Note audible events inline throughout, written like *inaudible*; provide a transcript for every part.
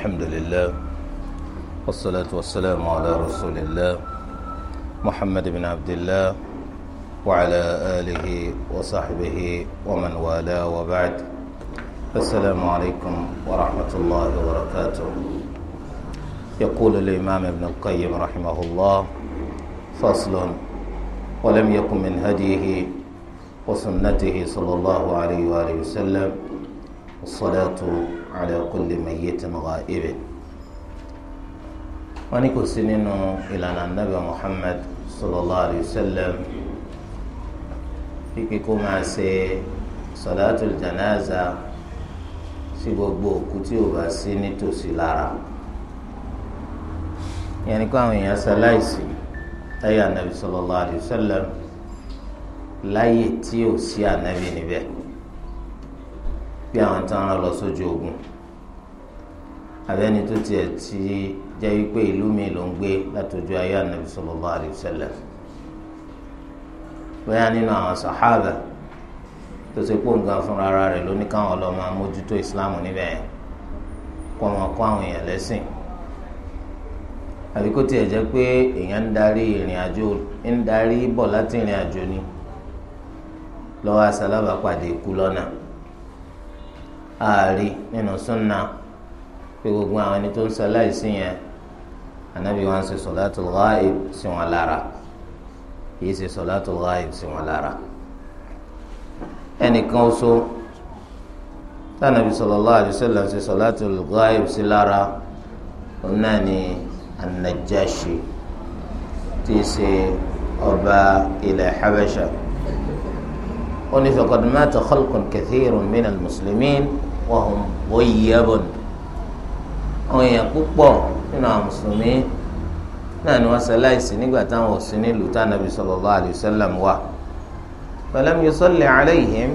الحمد لله والصلاة والسلام على رسول الله محمد بن عبد الله وعلى آله وصحبه ومن والاه وبعد السلام عليكم ورحمة الله وبركاته يقول الإمام ابن القيم رحمه الله فصل ولم يكن من هديه وسنته صلى الله عليه وآله وسلم الصلاة على كل ميت gha'ibin wọ́n ní إلى النبي محمد صلى الله عليه وسلم alayhi wa sallam kíkí kó máa ṣe salatul janaza sí gbogbo òkú tí ò bá sí nítòsí lára ìyẹn ni kó àwọn èèyàn ṣaláìsí láyé anabi sallallahu alayhi wa tí ò sí anabi níbẹ̀. bí àwọn tí wọ́n lọ sójú ogun abẹ́ni tó tiẹ̀ ti jẹ́ wípé ìlú mi ló ń gbé látọjú ayé anabi sallallahu alayhi nínú àwọn sàhábà tó ṣe pò fúnra ara rẹ̀ ló ní káwọn lọ máa mójútó ìsìláàmù níbẹ̀ yẹn kó wọn kó àwọn èèyàn lẹ́sìn àbí kó tiẹ̀ jẹ́ pé èèyàn ń darí ìrìn àjò ń ni lọ́wọ́ lọ́nà. ààrí nínú súnà pé gbogbo àwọn ẹni tó ń sọ láìsí yẹn ànábì wọn ṣe sọlátul ghaib sí wọn lára kìí ṣe sọlátul ghaib sí wọn lára ẹnìkan oṣù tánàbí sallallahu alaihi wasallam ṣe sọlátul ghaib sí lára òun náà ni an tí í ṣe ọba ilẹ̀ Habasha ó ní faqad mata khalqun kathirun wọ́n wọ́n yí ẹ̀bọ̀n àwọn èèyàn púpọ̀ nínú àwọn mùsùlùmí náà ni wọ́n ṣaláìsí nígbà táwọn ò sí nílùú tánàbí sallallahu alayhi wa sallam wà falam yusalli alayhim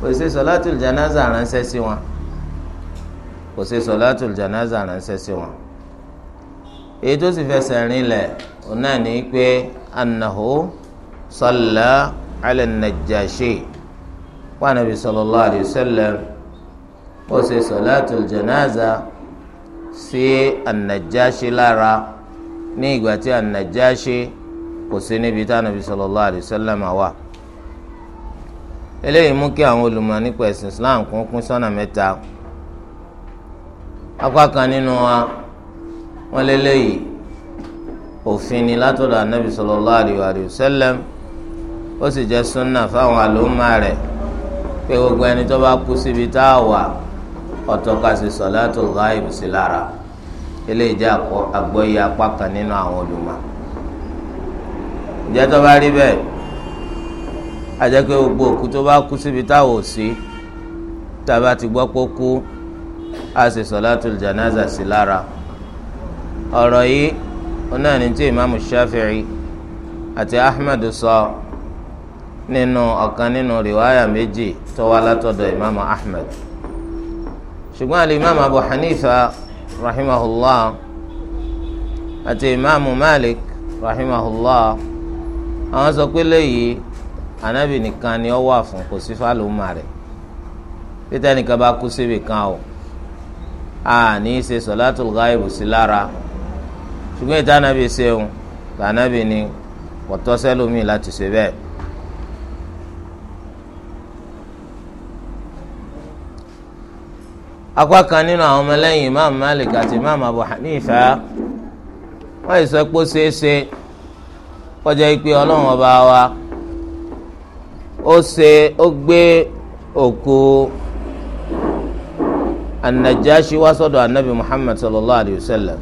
kò sí sọlátùl janaza ránṣẹ́ sí wọn kò sí sọlátùl janaza ránṣẹ́ sí wọn èyí tó sì fẹsẹ̀ rinlẹ̀ òun náà ní pé annahu salla ala an-najashi wa nabi sallallahu alayhi ó ṣe sọ̀láàtùl janaza sí ànàjáṣe lára ní ìgbà tí ànàjáṣe kò sí níbi tí ànàbí sallallahu alaihi wasallam wà. eléyìí mú kí àwọn olùmọ̀ nípa ẹ̀sìn Islam kún kún sọ́nà mẹ́ta apá kan nínú wa wọ́n lélẹ́yìí òfin ni látọ̀dọ̀ ànàbí sallallahu alaihi ó sì jẹ́ sunna fáwọn àlòmọ́ rẹ̀ pé gbogbo ẹni tó bá kú síbi tá a wà ọ̀tọ̀ ká ṣe salatul ghaib sí lára eléyìí jẹ́ àgbọ́yé apá kan nínú àwọn olùmọ̀ ǹjẹ́ tó bá rí bẹ́ẹ̀ àjẹ́ pé gbogbo òkú tó bá kú síbi táwọn ò sí tá a bá ti gbọ́ pé kú a ṣe salatul janaza sí lára ọ̀rọ̀ yìí náà tí imaamu shafi'i àti ahmed sọ nínú ọ̀kan nínú rìwáyà méjì tó wá látọ̀dọ̀ imaamu ahmed ṣùgbọ́n àlè imam abu hanifa rahimahullah àti imam malik rahimahullah àwọn sọ pé léyìí anabi nìkan ni ó wà fún kò sí fálùmà rẹ̀ pété nìkan bá kú síbi kan o a ní í ṣe sọlátù gáìbù sí lára ṣùgbọ́n ìta anabi ṣeun tànàbì ni kò tọ́ sẹ́lómi láti ṣe bẹ́ẹ̀. Akwa kan nínú àwọn ọmọlẹ́yìn imam malik àti imam abu hanifa wọ́n yìí sọ pé ó kọjá ipe ọlọ́run ọba wa ó ṣe ó gbé òkú anajashi anabi muhammad sallallahu alayhi wa sallam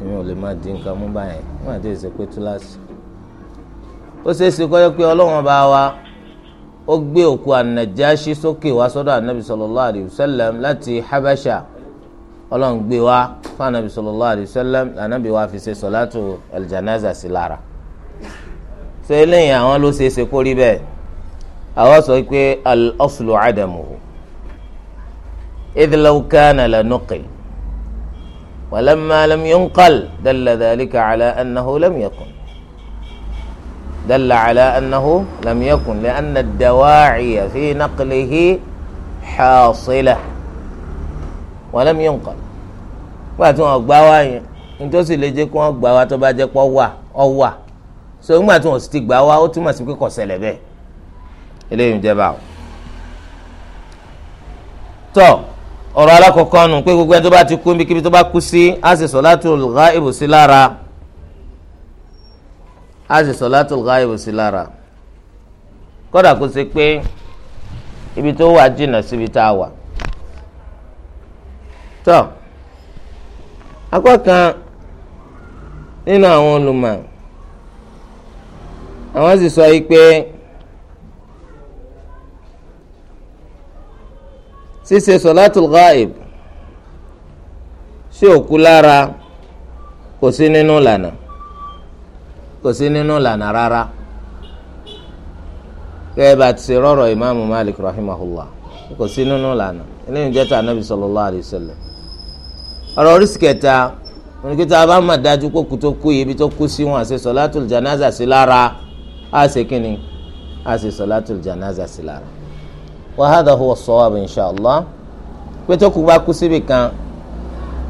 èmi ò lè dín nǹkan mú wọ́n àti ó kọjá ọlọ́run ọba wa. ó gbé òkú ànàjáṣí sókè wá sọ́dọ̀ ànábì sallallahu alayhi wa sallam láti habasha ọlọ́run gbé wá fún ànábì sallallahu alayhi wa sallam ànábì wa fi ṣe sọ̀látù aljanaza sí lára. ṣé eléyìí àwọn ló ṣe é ṣe kó rí bẹ́ẹ̀ àwọn sọ pé al-aslu adamuhu idh law kana lanuqil walamma lam دل على أنه لم يكن لأن الدواعي في نقله حاصلة ولم ينقل gbàtí wọn gbá wá yẹn nítòsí lè jẹ kó wọn gbá wá tó bá jẹ pọ wà ọ wà so nígbà tí wọn sì ti gbá wá ó túmọ̀ sí pé kò ṣẹlẹ̀ bẹ́ẹ̀ eléyìí ń jẹba o. tọ ọ̀rọ̀ alákọ̀ọ́kọ́ nù pé gbogbo ẹni tó bá ti kú níbikíbi tó bá kú sí á sì sọ láti olùkọ́ ìbòsí lára á sì solatul ghaib sí lára kódà kó ṣe pé ibi tó wà jìnnà síbi tá a wà tó apá nínú àwọn olùmọ̀ àwọn sì sọ yìí pé ṣíṣe solatul ghaib sí òkú lára kò sí nínú ìlànà kò sí nínú lànà rárá gẹ́gẹ́ bá ti ṣe rọ́rọ̀ ìmáàmù Malik rahimahullah kò sí nínú lànà eléyìí jẹ́ta anabi sallallahu alayhi wa sallam ọ̀rọ̀ oríṣi kẹta oníkìtà bá má dájú kó kú tó kú yìí ibi tó kú sí wọn àṣẹ sọlátul janaza sí lára á ṣe kínni á ṣe sọlátul janaza sí lára wa hadha huwa as-sawab insha pé tó kú bá kú síbi kan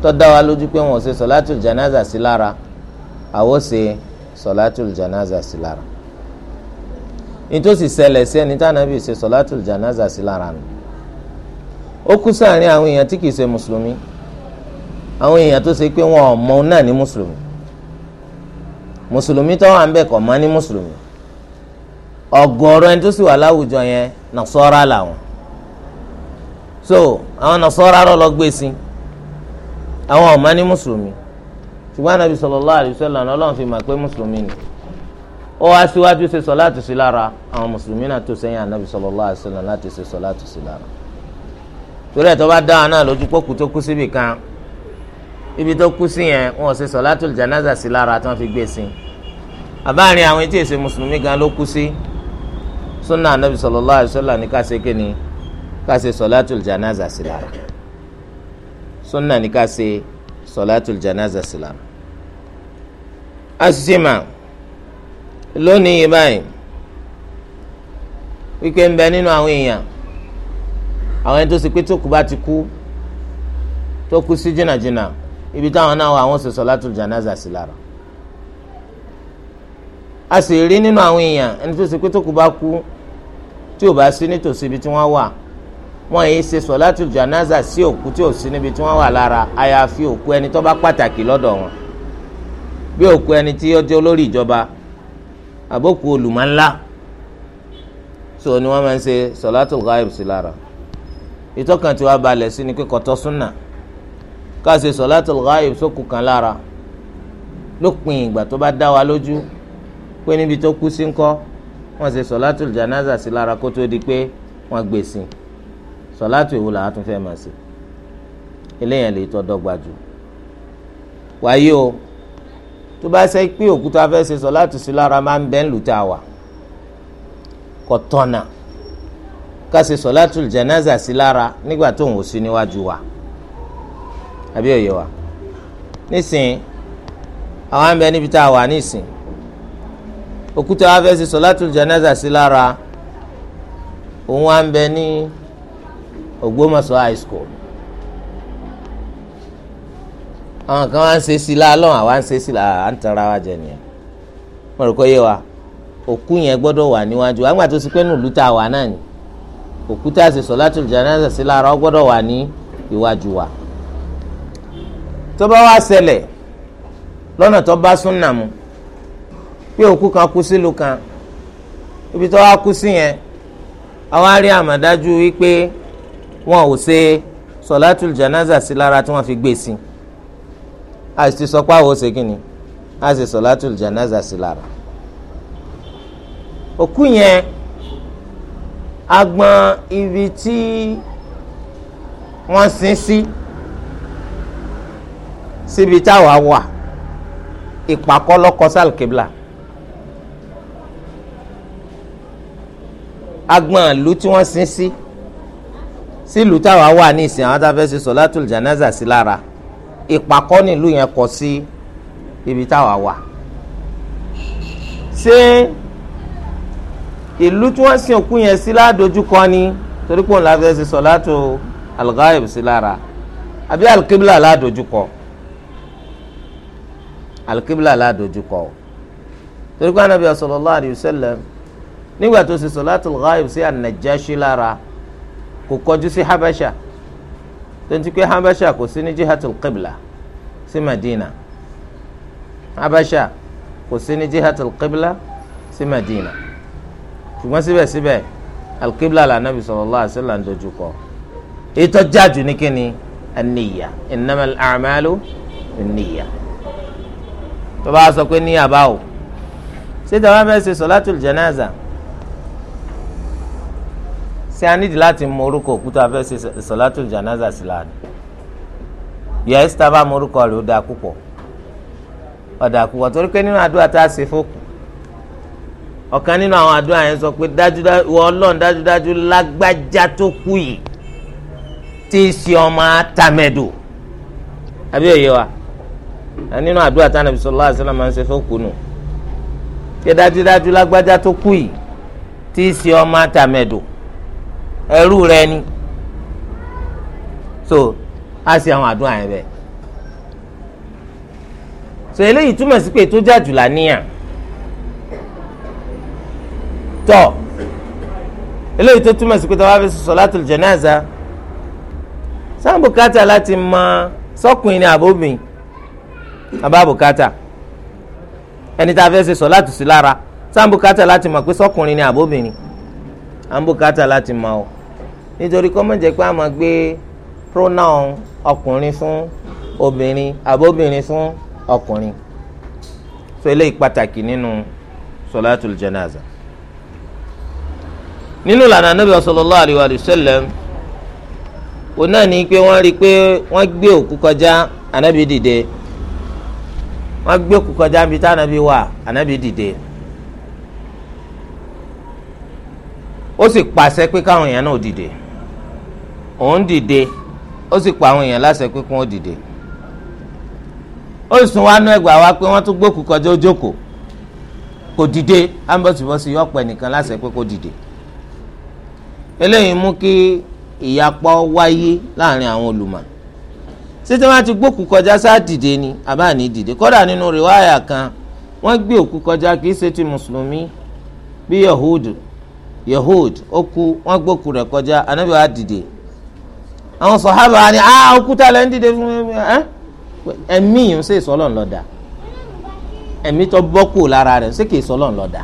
tó dá wa lójú pé wọn ò ṣe sọlátul janaza sí lára àwọn ṣe sọlátùl janaza sí lára nítòsí ṣẹlẹ̀ sí ẹni tí anabi ṣe sọlátùl janaza sí lára nù ó kú sáàrin àwọn èèyàn tí kìí ṣe mùsùlùmí àwọn èèyàn tó ṣe pé wọn ò mọ náà ní mùsùlùmí mùsùlùmí tó wà ń bẹ̀ kọ̀ mọ́ ní mùsùlùmí ọ̀gọ̀ọ̀rọ̀ ẹni tó sì wà láwùjọ yẹn nàṣọ́ra làwọn so àwọn nàṣọ́ra lọ lọ gbé sí àwọn ò ní mùsùlùmí ṣùgbọ́n anabi sallallahu alaihi wasallam ọlọ́run fi mọ̀ pé mùsùlùmí ni ó wá síwájú ṣe sọ̀láàtù sí lára àwọn mùsùlùmí náà tó sẹ́yìn anabi sallallahu alaihi wasallam láti ṣe sọ̀láàtù sí lára torí ẹ̀ tó bá dá àwọn náà lójú pọ́kù tó kú síbì kan ibi tó kú sí yẹn wọn ò ṣe sọ̀láàtù janaza sí lára tí wọ́n fi gbé sí àbáàrin àwọn tí èsè mùsùlùmí gan ló kú sí sunna anabi sallallahu alaihi sunna ní ká ṣe sọ̀láàtù janaza sí azima lónìí yìí báyìí wípé ń bẹ nínú àwọn èèyàn àwọn ẹni tó sì pé tókù bá ti kú tó kú sí jìnnàjìnnà ibi táwọn náà wà àwọn ṣe solatul janaza sí lára a sì rí nínú àwọn èèyàn ẹni tó sì pé tókù bá kú tí ò bá sí nítòsí ibi tí wọ́n wà wọ́n yìí ṣe solatul janaza sí òkú tí ò sí níbi tí wọ́n wà lára àyàfi òkú ẹni tó bá pàtàkì lọ́dọ̀ wọn bí òkú ẹni tí ó jẹ́ olórí ìjọba àbókù olùmọ̀ńlá so ni wọ́n máa ń ṣe sọ̀látò ghaib sí lára ìtọ́kàn tí wàá balẹ̀ sí ni pé kọ́tọ́ súnà ká ṣe sọ̀látò ghaib sókù kan lára lópin ìgbà tó bá dá wa lójú pé níbi tó kú sí ńkọ́ wọ́n ṣe sọ̀látò janaza sí lára kó tó di pé wọ́n gbé sí sọ̀látò ìwò làwọn tún fẹ́ máa ṣe eléyàn lè tọ́ dọ́gba jù wáyé o tó bá ṣe pé òkúta fẹ́ ṣe sọ láti sí lára máa ń bẹ́ ń lù tá a wà kò tọ̀nà ká ṣe sọ láti jẹnáza sí lára nígbà tó ń wò sí níwájú wa àbí òye wa nísìnyí àwọn àmì ẹni bí tá a wà nísìnyí òkúta wa fẹ́ ṣe sọ láti jẹnáza sí lára òun wa ń bẹ ní Ògbómọ̀ṣọ́ high school àwọn kan wá ń ṣe sí lálọ́n àwa ń ṣe sí à ń tanra wa jẹ nìyẹn mo rò kó yé wa òkú yẹn gbọ́dọ̀ wà níwájú àgbà tó ti pẹ́ nù lùtà wà náà ni òkú tá a ṣe solatul janaza sí lára ó gbọ́dọ̀ wà ní iwájú wa tó bá wá ṣẹlẹ̀ lọ́nà tó bá súnà mu pé òkú kan kú sílùú kan ibi tó wá kú sí yẹn àwa rí àmọ̀dájú wípé wọn ò ṣe solatul janaza sí lára tí wọ́n fi gbé sí i a sì sọ pé àwọn ṣe kí ni a sì solatul janaza sí lára òkú yẹn agbọn ibi tí wọ́n sin sí síbi táwa wà ìpàkọ́ lọ́kọ́ sálùkébìlà agbọn ìlú tí wọ́n sin sí sílùú táwa wà ní ìsìn àwọn tá a fẹ́ ṣe solatul janaza sí lára ìpàkọ́ nílùú yẹn kọ sí ibi táwa wà ṣé ìlú tí wọ́n sin òkú yẹn sí ládojúkọ ni torí pé òun la fẹ́ ṣe sọ̀látù alghaib sí lára àbí alqibla ládojúkọ alqibla ládojúkọ torí pé anabi sallallahu alayhi wa nígbà tó ṣe sọ̀látù alghaib sí an lára kò kọjú sí habasha. Si tonti pé habasha kò sí ní jihatul qibla sí madina habasha kò sí ní jihatul qibla sí madina ṣùgbọ́n síbẹ̀síbẹ̀ alqibla la nabi sallallahu alaihi wasallam ń dojú kọ ètò jáàjù ní kíni aniya innamal a'malu aniya tó bá sọ pé níyà báwo ṣé tàbá fẹ́ ṣe solatul janaza ṣé a nídìí láti mọ orúkọ òkúta fẹ́ ṣe sọ̀látù jànáza sí láàánú yẹ́sì tá a bá mọ orúkọ rẹ̀ ó dáa púpọ̀ ó dáa púpọ̀ torí pé nínú àdúrà tá a ṣe fókù ọ̀kan nínú àwọn àdúrà yẹn sọ pé dájúdájú wọ ọlọ́run dájúdájú lágbájá tó kú yìí tí í ṣe ọmọ atamẹ́dò àbí òye wa nínú àdúrà tá a nàbì sallallahu alaihi wasallam máa ń ṣe fókù nù pé dájúdájú lágbájá tó kú yìí tí í ṣe ọmọ atamẹ́dò ẹrú rẹ ni so a ṣe àwọn àdúrà yẹn bẹ́ẹ̀ so eléyìí túmọ̀ sí pé tó jájú là níyàn tọ́ eléyìí tó túmọ̀ sí pé tọ́wá fi solatul janaza sáà bùkátà láti mọ sọ́kùnrin ní àbóbìn àbá bùkátà ẹni tá a fẹ́ ṣe solatu sí lára sáà bùkátà láti mọ̀ pé sọ́kùnrin ní àbóbìnrin à ń bùkátà láti mọ̀ ọ́ nítorí kọ́ mọ̀ jẹ́ pé a máa gbé pronoun ọkùnrin fún obìnrin àbóbìnrin fún ọkùnrin so eléyìí pàtàkì nínú sọláàtúl jẹnáza nínú ìlànà anábìá sallallahu alaihi wa sallam òun náà ní pé wọ́n rí i pé wọ́n gbé òkú kọjá anábì dìde wọ́n gbé òkú kọjá níbi tá anábì wà anábì dìde ó sì pàṣẹ pé káwọn èèyàn náà dìde òun dìde ó sì pa àwọn èèyàn láṣẹ pé kí wọ́n dìde ó sùn wá nú ẹgbàá wa pé wọ́n tún gbókù kọjá ó jókòó kò dìde ambọ̀sibọ́sì yọ ọ̀pọ̀ ẹnìkan láṣẹ pé kò dìde eléyìí mú kí ìyapọ̀ wáyé láàrin àwọn olùmọ̀ títí wọn ti gbókù kọjá sáà dìde ni àbá ní dìde kódà nínú rìwáyà kan wọ́n gbé òkú kọjá kì í ṣe ti mùsùlùmí bí yahood yahood ó kú wọ́n gbókù rẹ̀ kọjá anábìwá dìde àwọn sọ̀hábà ni ah òkúta lẹ́ ń dìde fún ẹ́ ẹ̀mí yìí ń ṣe ìsọ́lọ̀ ńlọ́dà ẹ̀mí tó bọ́ kù lára rẹ̀ ṣé kì í sọ́lọ̀ ńlọ́dà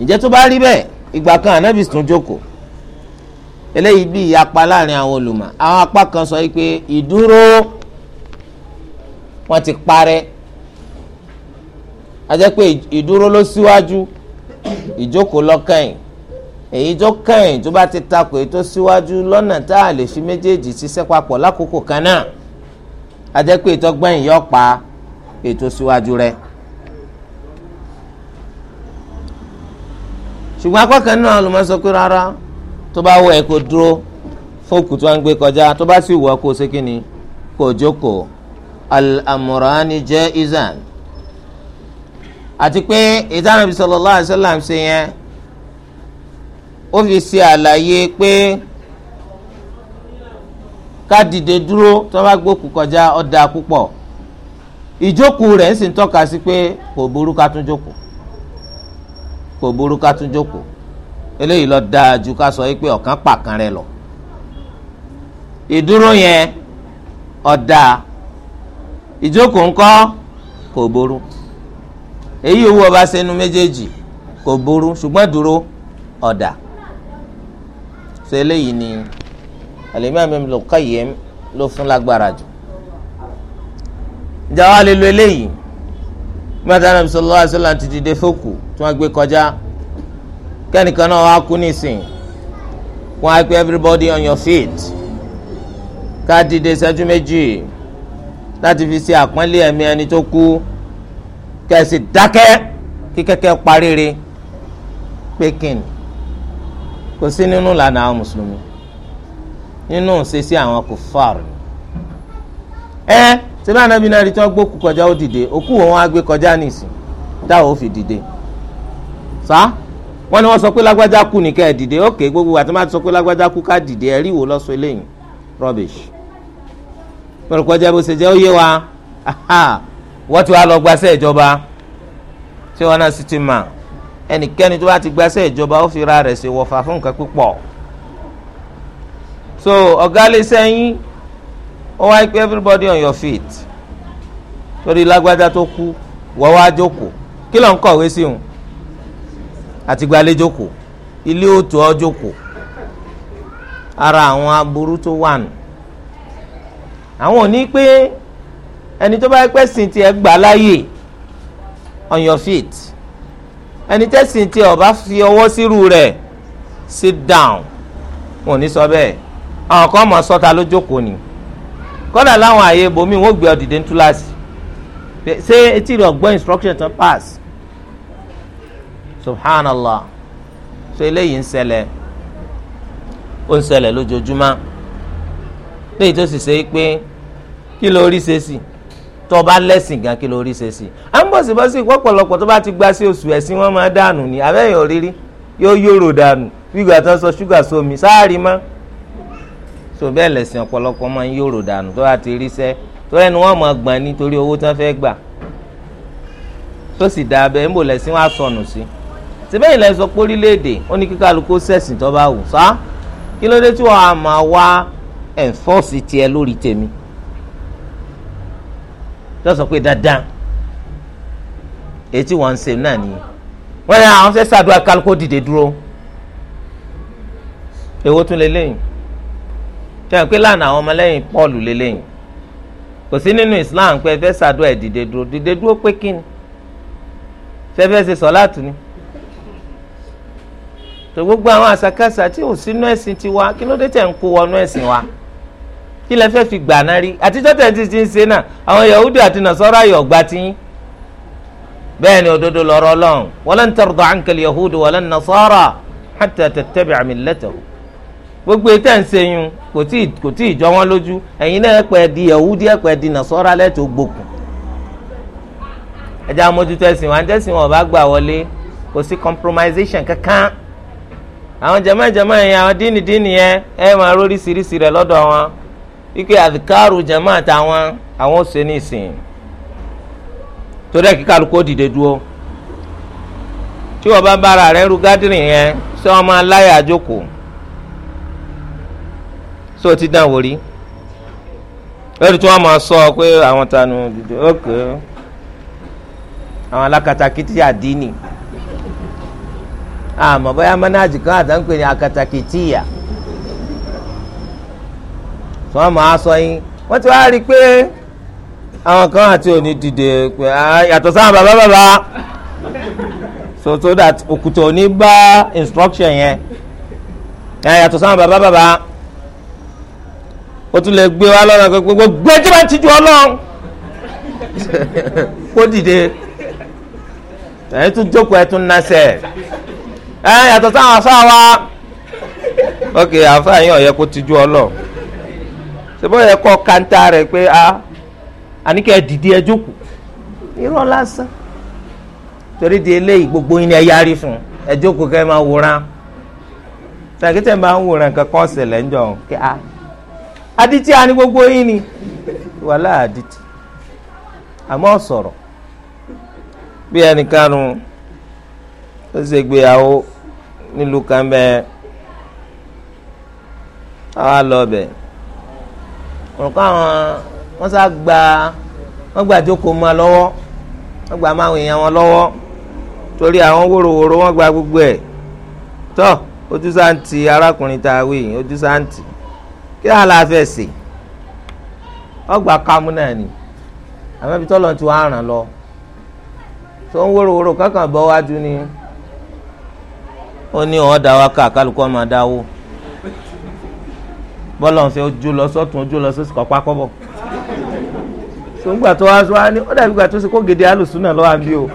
ǹjẹ́ tó bá rí bẹ́ẹ̀ ìgbà kan ànábì tún jókòó eléyìí bí ìyapa láàrin àwọn olùmọ̀ àwọn apá kan sọ pé ìdúró wọn ti parẹ́ a jẹ́ pé ìdúró ló síwájú ìjókòó lọ́kàn yìí èyí tó kẹ́yìn tó bá ti takò èyí tó síwájú lọ́nà tá a lè fi méjèèjì ṣiṣẹ́ papọ̀ lákòókò kan náà a jẹ́ pé ìtọ́gbẹ́yìn yọ pa síwájú rẹ̀. ṣùgbọ́n akọ́kàn náà ló máa sọ pé rárá tó bá wọ dúró fóòkù tó ń gbé kọjá tó bá sì wọ jókòó àti pé ìtàn ó fi ṣe àlàyé pé ká dìde dúró tó bá gbókù kọjá ọ̀dà púpọ̀ ìjókòó rẹ̀ sì ń tọ́ka sí pé kò burú ká tún jókòó kò burú ká tún jókòó eléyìí ló dáa ju ká sọ pé ọ̀kan pàkan rẹ lọ ìdúró yẹn ọ̀dà ìjókòó ńkọ́ kò burú èyí owó ọba sẹ́nu méjèèjì kò burú ṣùgbọ́n dúró ọ̀dà so eléyìí ni Al-Imam Ibn Qayyim ló fún lágbára jù ìjà wa lè lo eléyìí mẹ́ta náà sallallahu alaihi wasallam ti dìde fókù tí wọ́n gbé kọjá kẹ́nìkan náà wàá kú nísìn wọ́n á pé everybody on your feet ká dìde ìṣẹ́jú méjì láti fi ṣe àpọ́nlé ẹ̀mí ẹni tó kú kẹ́sì dákẹ́ kí kẹ́kẹ́ paríire pé kìnnì kò sí nínú lànà àwọn mùsùlùmí nínú ṣeṣe àwọn kufar ni ẹ sẹbẹ anabi náà rí tí wọn gbókù kọjá ó dìde òkú wọn á gbé kọjá nìsín táwọn ò fi dìde sá wọn ni wọn sọ pé lágbájá kú nìkẹ́ ẹ̀ dìde ókè gbogbo àti má ti sọ pé lágbájá kú ká dìde ẹ̀ rí wò lọ́sọ eléyìí rubbish pẹ̀lúpọ̀ jẹ́ bó ṣe jẹ́ ó yé wa wọ́n ti wá lọ gbaṣẹ́ ìjọba tí wọ́n náà sì ti máa ẹnikẹ́ni tó bá ti gbaṣẹ́ ìjọba ó fi ra rẹ̀ ṣe wọ̀fà fún nǹkan púpọ̀ so ọ̀gá lè sẹ́yìn ó wáyé pé everybody on your feet torí lágbájá tó kú wọ́n wá jókòó kí ló ń kọ̀wé sí òun àti jókòó ilé òtò ọ́ jókòó ara àwọn aburú tó wà nù àwọn ò ní pé ẹni tó bá pẹ́ sìn tiẹ̀ gbà láàyè on your feet ẹni tẹ́sìn tí ọba fi ọwọ́ sírú rẹ̀ sit down wọn ò ní sọ bẹ́ẹ̀ àwọn kan mọ̀ sọ́ta ló jókòó ni kọ́dà láwọn àyè bomi wọn ò gbé ọdìdé ń túláàsì ṣé etí rẹ̀ ọgbọ́n instruction tán pass subhanallah so eléyìí ń ṣẹlẹ̀ ó ń ṣẹlẹ̀ lójoojúmọ́ léyìí tó sì ṣe é pé kí ló rí ṣe sí i tó bá lẹ́sìn gan kí ló rí ṣe sí i à ń bọ̀ sí bọ́sí ìpọ́pọ̀lọpọ̀ tó bá ti gba sí oṣù ẹ̀sìn wọn máa dànù ni abẹ́yìn òrírí yóò yòrò dànù fígbà tó ń sọ ṣúgà sómi sáàrí mọ́ tó bẹ́ẹ̀ lẹ́sìn ọ̀pọ̀lọpọ̀ máa ń yòrò dànù tó bá ti rí sẹ́ tó ẹnu wọn máa gbọ̀n nítorí owó tó ń fẹ́ gbà tó sì dá abẹ́ ń bò lẹ́sìn wọn á sọnù sí síbẹ̀ ìlẹ̀ sọ pé orílẹ̀-èdè ó ní kíkálukú sẹ̀sìn tó bá wù sá kí ló dé tí wọ́n lọ́sọ̀ pé dandan etí wọn ń ṣe náà nìyí wọ́n ní àwọn fẹ́ ṣàdúrà kálukó dìde dúró èwo tún lélẹ́yìn tẹ̀wọ̀n pé lánàá àwọn ọmọlẹ́yìn Pọ́ọ̀lù lélẹ́yìn kò sí nínú Islam pé fẹ́ ṣàdúrà ẹ̀ dìde dúró dìde dúró pé kí ni fẹ́fẹ́ ṣe sọ́láàtù ni tó gbogbo àwọn àṣàkáṣà tí ò sínú ẹ̀sìn tiwa kí ló dé tẹ̀ ń kó wọnú ẹ̀sìn wa kí lẹ fẹ́ fi gbà náà rí àtijọ́ tẹ̀sí ti ń ṣe náà àwọn Yahudi àti Nasara yọ̀ gbà tí bẹ́ẹ̀ ni òdodo lọ́rọ́ lọ́n walan tarda anka al-yahudu walan nasara hatta tattabi'a millatahum gbogbo etí ń seyun kò tí kò tí ì jọ wọn lójú ẹ̀yin náà ẹ̀pẹ́ di Yahudi ẹ̀pẹ́ di Nasara lẹ́tọ̀ọ́ gbókùn ẹ̀jẹ̀ amójútó ẹ̀sìn wọn àtẹ̀sìn wọn ọba gbà wọlé kò sí compromisation kankan àwọn jẹ̀mọ́ jẹ̀mọ́ yẹn àwọn díìnì díìnì yẹn ẹ̀ máa rórí sírísì rẹ̀ lọ́dọ̀ wọn wípé àdìkárù jẹ̀mọ́ àtàwọn àwọn ò ṣe ní ìsìn torí ẹ̀ kí kálukú dìde dúró tí wọ́n bá bára rẹ̀ ru gádìrín yẹn ṣé wọ́n máa láyà àjókòó ṣé o ti dán wò lórí tí wọ́n máa sọ pé àwọn tanu dìde ókè àwọn alákatakítí àdínì àmọ́ bóyá mọ́nájì kan àtàǹpẹ̀ ní akatakítí yà tí wọ́n máa sọ yín wọ́n ti wá rí i pé àwọn kan àti òní dìde pé yàtọ̀ sáwọn bàbá bàbá so so that òkùtò òní bá instruction yẹn yàtọ̀ sáwọn bàbá bàbá ó tún lè gbé wa lọ́nà gbogbo gbẹ́jọ́ bá ti ju ọlọ́run kó *laughs* dìde ẹ tún jókòó ẹ tún nasẹ ẹ yàtọ̀ sáwọn afá wa ok afá yín ọ̀yẹ́ kó tijú ọlọ ṣùgbọ́n yẹ kọ́ kanta rẹ̀ pé a àníkẹ́ dìde ẹ jókòó irọ́ lásán torí di eléyìí gbogbo yín ni ẹ yarí fún ẹ jókòó kẹ́ ẹ máa wòran tàkìtẹ̀ máa ń wòran kankan ṣẹlẹ̀ ń jọ kí a adití a gbogbo yín ni wàhálà adití àmọ́ sọ̀rọ̀ bí ẹnìkan nu ó ṣègbéyàwó nílùú kan bẹ́ẹ̀ àwa lọ bẹ́ẹ̀ òrùka àwọn wọ́n sá gba wọ́n gba jókòó máa lọ́wọ́ wọ́n gba máa wòye àwọn lọ́wọ́ torí àwọn wòròwòrò wọ́n gba gbogbo ẹ̀ tọ́ ojú sáǹtì arákùnrin tá a wí ojú sáǹtì kí á la fẹ́ sè ọgbà kámú náà ni àmọ́ ibi tọ́lọ́ ti wá ràn lọ tó ń wòròwòrò kankan bọ́ wájú ni ó ní ọ̀ọ́dà wa ká kálukọ́ máa dáwó bọ́lá ọ̀sẹ̀ ojú lọ sọ́tún ojú lọ sọ́sì kọ́pá kọ́bọ̀ sọ̀ngbà tó wá sọ wá ní ó dàbí gbà tó ṣe kó gèdè alùsùn lọ́wọ́ àbí o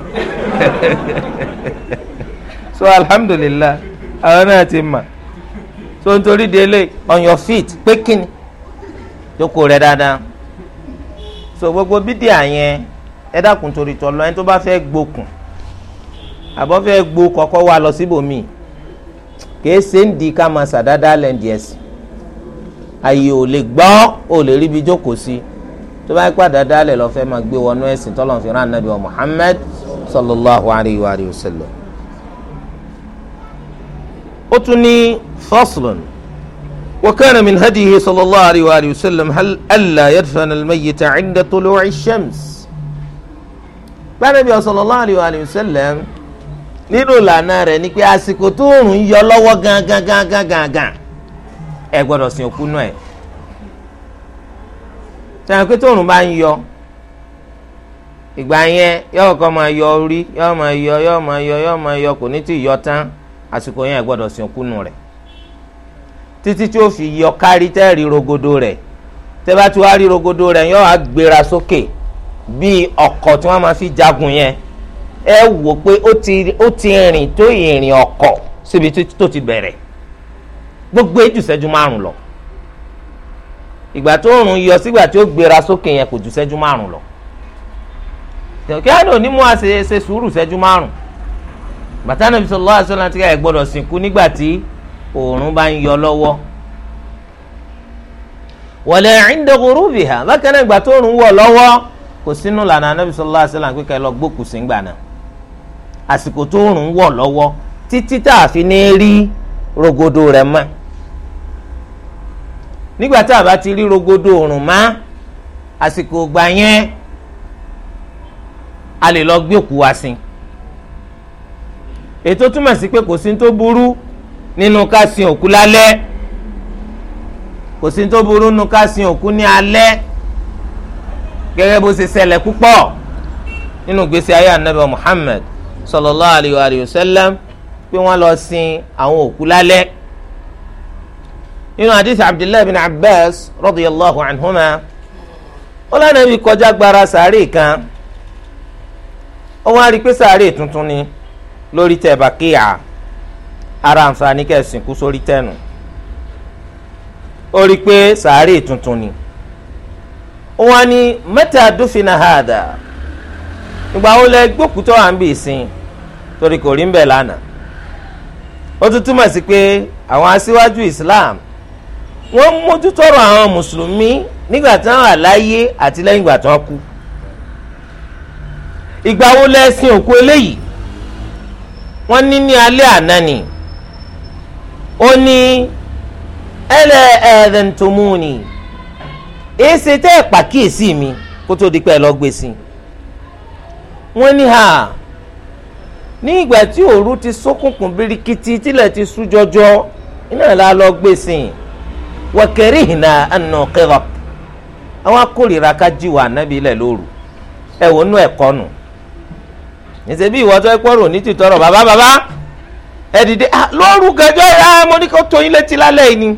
*laughs* so alhamdulillah àwọn náà ti mà so nítorí délé on your feet pé kíni jókòó rẹ dáadáa so gbogbo bídìí àyẹn ẹ dákun torí tọlọ ẹni tó bá fẹ́ gbókùn àbọ̀ fẹ́ gbó kọ́kọ́ wá lọ síbòmíì kèé ṣe ń di ká máa ṣàdádá lẹ́ǹdì ẹ̀sìn ayé ò lè gbọ́ ò lè ríbi jókòó sí tó bá yípa dáadáa lẹ̀ lọ́ọ́ fẹ́ máa gbé wọnú ẹ̀sìn tọ́lọ́n fi rán anabi wa Muhammad sallallahu alayhi wa alihi sallam. ó tún ní faslun wa min hadihi sallallahu alayhi wa sallam alla yadfana al 'inda tulu'i shams. bánabi sallallahu alayhi wa sallam nínú ìlànà rẹ̀ ni pé àsìkò tó rùn yọ lọ́wọ́ gangan gangan gangan ẹ gbọ́dọ̀ sin òkú náà ẹ̀ sẹ́yìn pé tóòrùn bá ń yọ ìgbà yẹn yóò kọ́ máa yọ orí yóò máa yọ yóò máa yọ yóò máa yọ kò ní tí ì yọ tán àsìkò yẹn ẹ gbọ́dọ̀ sin òkú nù rẹ̀ títí tí ó fi yọ kárí tẹ́ rí rogodo rẹ̀ tẹ́ bá ti rí rogodo rẹ̀ yóò wá sókè bíi ọ̀kọ̀ tí wọ́n máa fi jagun yẹn ẹ wò pé ó ti rìn tó ìrìn ọ̀kọ̀ síbi tó ti bẹ̀rẹ̀ gbogbo eju seju márùn lọ ìgbà tó rùn yọ sígbà tí ó gbéra sókè yẹn kò ju seju márùn lọ kí á ní onímọ̀ àṣẹ ṣe sùúrù ṣẹ́jú márùn bàtà nàbí sallallahu alaihi wasallam ẹ gbọ́dọ̀ sìnkú nígbà tí oòrùn bá ń yọ lọwọ wọlé inda ghurubiha bákan náà ìgbà tó oòrùn wọ lọwọ kò sínú lànà nàbí sallallahu alaihi pé ká lọ náà àsìkò tó títí tá rogodo rẹ̀ mọ́ nígbà tá a bá ti rí rogodo òrùn mọ́ àsìkò gbà yẹn a lè lọ gbé òkú wa sin ètò túmọ̀ sí pé kò sí tó burú nínú ká sin òkú lálẹ́ kò sí tó burú nínú ká sin òkú ní alẹ́ gẹ́gẹ́ bó ṣe ṣẹlẹ̀ púpọ̀ nínú gbèsè ayé anabi Muhammad sallallahu alayhi wa sallam. pé wọ́n lọ sin àwọn òkú lálẹ́ nínú àdìsí abdullahi bin abbas radiyallahu anhuma ó lánàá ibi kọjá gbara sàárè kan ó wá rí i pé sàárè tuntun ni lórí tẹ bàkíyà ara àǹfààní kẹsìn kú sórí tẹnu ó rí i pé sàárè tuntun ni ó wá ní mẹ́ta dúfinna hàdà ìgbà wo lẹ gbókùtọ̀ à ń bì sin torí kò rí ń bẹ̀ lánàá. ó tún túmọ̀ sí pé àwọn aṣíwájú Islam wọ́n mójútọ́rọ̀ àwọn mùsùlùmí nígbà tí wọ́n wà láyé àti lẹ́yìn ìgbà tí wọ́n kú ìgbà wo lẹ́sìn òkú eléyìí wọ́n ní ní alẹ́ àná ni ó ní ẹlẹ́ ẹ̀ẹ́dẹ̀ntomúni èsì tẹ́ ẹ̀ pàkíyèsí mi kó tó di pẹ́ lọ́gbèsì wọ́n ní ha. ní ìgbà tí òru ti ṣókùnkùn birikiti tílẹ̀ ti ṣú jọjọ iná la lọ gbé e sìn wọ́kẹ́rì hìnà ànà kẹ́rọ̀ àwọn akórìíra ká jíwò ilẹ̀ lóru ẹ nú ẹ̀kọ́ nù níṣẹ́ bí ìwọ́tọ́ ẹ̀kọ́ rò ní tìtọ́rọ̀ bàbá bàbá ah, lóru mo ní kó létí lálẹ́ yìí ni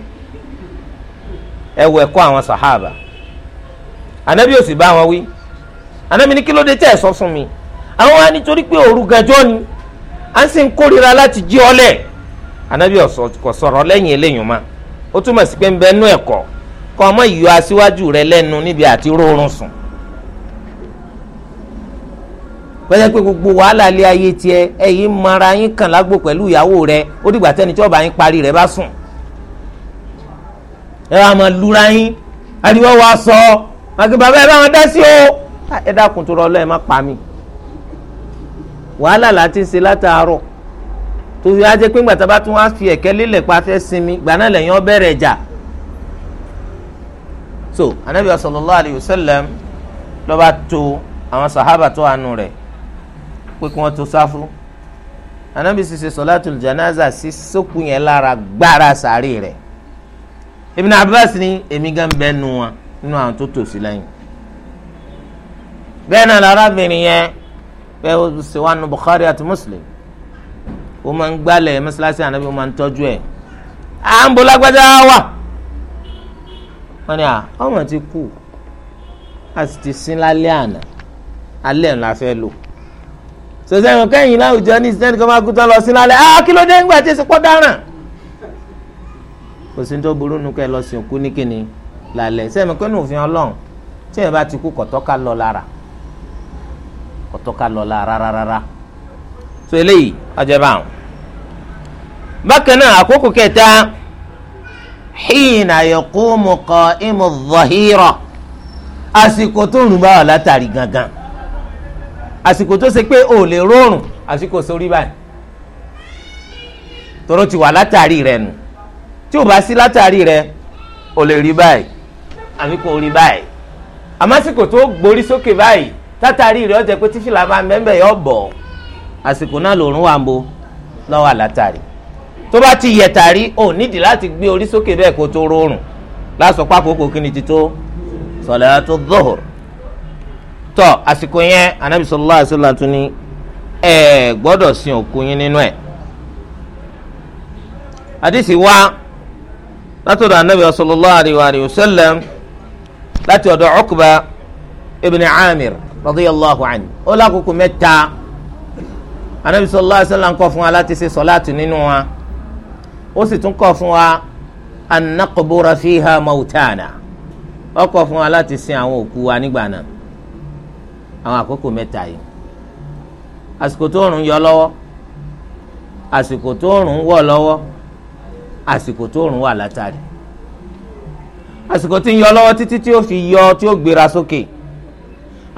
ẹ ẹ̀kọ́ àwọn sàhábà ànábì ò sì bá wọn wí ní fún mi àwọn wa nítorí pé òru gàjọ́ ni à ń sì ń kórira láti jí ọ anabi kò sọ̀rọ̀ lẹ́yìn eléyìí ma ó túmọ̀ sí pé ń bẹ nú ẹ̀kọ́ kọ́ ọmọ ìyọ aṣíwájú rẹ lẹ́nu níbi àti rórun sùn pẹ́sẹ́ pé gbogbo wàhálà ilé ayé tiẹ̀ ẹ̀yin mara yín kàn lágbo pẹ̀lú ìyàwó rẹ ó dìgbà tẹ́ni tí ọba yín parí rẹ bá sùn ẹ bá máa lura yín ariwo wa sọ màgbé bàbá ẹ bá wọn dá sí o ẹ dákun tó rọ ọlọ́ ẹ má pa mí. wàhálà láti ṣe látàárọ̀ tó fi ajẹ́ pé gbàtà bá tún wá fi ẹ̀kẹ́ lílẹ̀ pa fẹ́ sinmi gbà náà lẹ́yìn ọ bẹ̀rẹ̀ jà so anabi sallallahu alayhi wa sallam lọ́ba tó àwọn sahaba tó àánú rẹ̀ pé kí wọ́n tó sáfù anabi sì ṣe sọlátul janaza sí sókun yẹn lára gbára sàárè rẹ̀ Ibn Abbas ni èmi gan bẹ́ẹ̀ nu wọn nínú àwọn tó tò sí lẹ́yìn bẹ́ẹ̀ náà lárábìnrin yẹn bẹ́ẹ̀ ó sì wá nu Bukhari àti Muslim ó máa ń gbálẹ̀ mọ́sálásí ànábì ó máa ń tọ́jú ẹ̀ à ń bo lágbájá wà wọ́n ní à ọmọ ti kú a sì ti sin lálẹ́ àná alẹ́ ńlá fẹ́ lò sọsẹ́ ìwọ̀n kẹ́yìn láwùjọ ní sẹ́ni kan máa kú tán lọ sí lálẹ́ ah kí ló dé ńgbà tí èsì pọ́ dáràn kò sí tó burú nu kẹ́ lọ sí òkú ní kíni lálẹ́ sẹ́mi kẹ́nu òfin ọlọ́run tí èèyàn bá ti kú kọ̀tọ́ ká lọ lára ọ̀tọ́ka lọ́la rárára so eléyìí ọjọba àwọn. bákan náà àkókò kẹta hìnà yaqumu qa'imu adh-dhahira àsìkò tó rùn bá wà látàrí gangan àsìkò tó ṣe pé ò lè rọrùn àsìkò sórí báyìí tọrọ ti wà látàrí rẹ nù tí ò bá sí látàrí rẹ ò lè rí báyìí àbí kò rí báyìí àmásìkò tó gborí sókè báyìí látàrí rẹ̀ ọ̀jẹ̀ pé tífìlà máa mẹ́mbẹ̀ yọ bọ̀ àsìkò náà lòrùn wà ń bo lọ́wọ́ àlátàrí tó bá ti yẹ̀ tàrí ò nídìí láti gbé orí sókè bẹ́ẹ̀ kó tó rọrùn lásọ pákókó kí ni ti tó salatu dhuhr tọ́ àsìkò yẹn anabi sallallahu alaihi tún ní ẹ gbọ́dọ̀ sin òkú yín nínú ẹ̀ àdìsí wa látọ̀dọ̀ anabi sallallahu alaihi wasallam láti ọ̀dọ̀ Uqba ibn Amir radiyallahu anhu o lákòókò anabi sallallahu alayhi wa sallam kọ́ fún wa láti ṣe sọ́láàtì nínú wa ó sì tún kọ́ fún wa anakobora fiha mautana ó kọ́ fún wa láti sin àwọn òkú wa nígbà náà àwọn àkókò yìí àsìkò tó rùn yọ lọ́wọ́ àsìkò tó rùn wọ̀ lọ́wọ́ àsìkò tó rùn wà látàrí àsìkò tí ń yọ lọ́wọ́ títí tí ó fi yọ tí ó gbéra sókè. So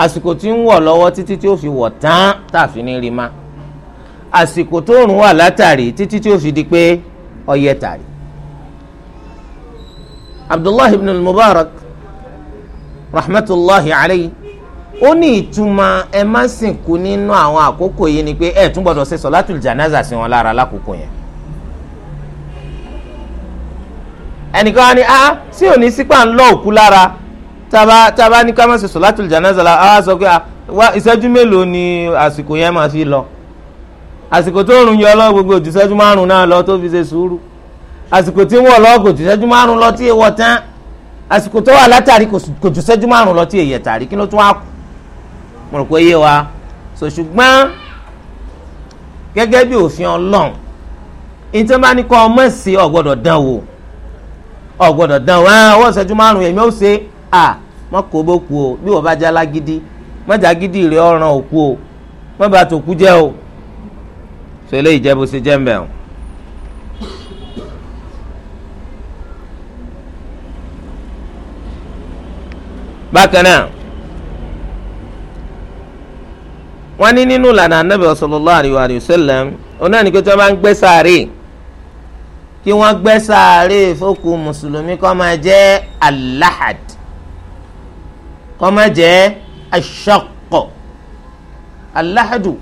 àsìkò tí ń wọ̀ lọ́wọ́ títí tí ó fi wọ̀ tán tààfin ní rí ma àsìkò tó rùn wà látàrí títí tí ó fi di pé ọyẹ tàrí. abdullahi ibn mubarak rahmatulahi alayhi ó ní ìtumọ̀ ẹ má sìnkú nínú àwọn àkókò yìí ni pé ẹ tún gbọdọ̀ ṣe sọ̀látùl janaza sí wọn lára lákòókò yẹn. ẹnìkan á ní a ah, sí òní sípà ń lọ òkú lára tába tába ní ká má ṣe la á sọ pé ah, wá ìṣẹ́jú mélòó ni àsìkò yẹn máa fi lọ àsìkò tó rùn yọ lọ gbogbo ju ìṣẹ́jú márùn náà lọ tó fi ṣe sùúrù àsìkò tí ń wọ̀ lọ kò ju ìṣẹ́jú márùn lọ tí èèwọ̀ tán àsìkò tó wà látàrí kò ju márùn lọ tí èèyàn tàrí kí ló tún á kù mo rò pé yé wa so ṣùgbọ́n gẹ́gẹ́ bí òfin ọlọ́run ìtàn bá ní kọ́ ọmọ ẹ̀sìn ọ̀gbọ́dọ̀ dán wò ọ̀gbọ́dọ̀ dán wò ẹ̀ ọwọ́ ìṣẹ́jú márùn èmi ó ṣe é a má kó bó ku o bí wọ́n bá já lágídí má já gidi rẹ̀ ọ̀ràn òkú o má bàa tó kú jẹ́ o sọ eléyìí jẹ́ bó ṣe jẹ́ mbẹ́ o. bákan náà wọ́n ní nínú ìlànà anábì sallallahu alaihi wa sallam onáà ní pé tí wọ́n bá ń gbé sáré kí wọ́n gbé sáré fókù mùsùlùmí kó máa jẹ́ alahad kọ́má jẹ́ aṣọ́kọ̀ aláhàdù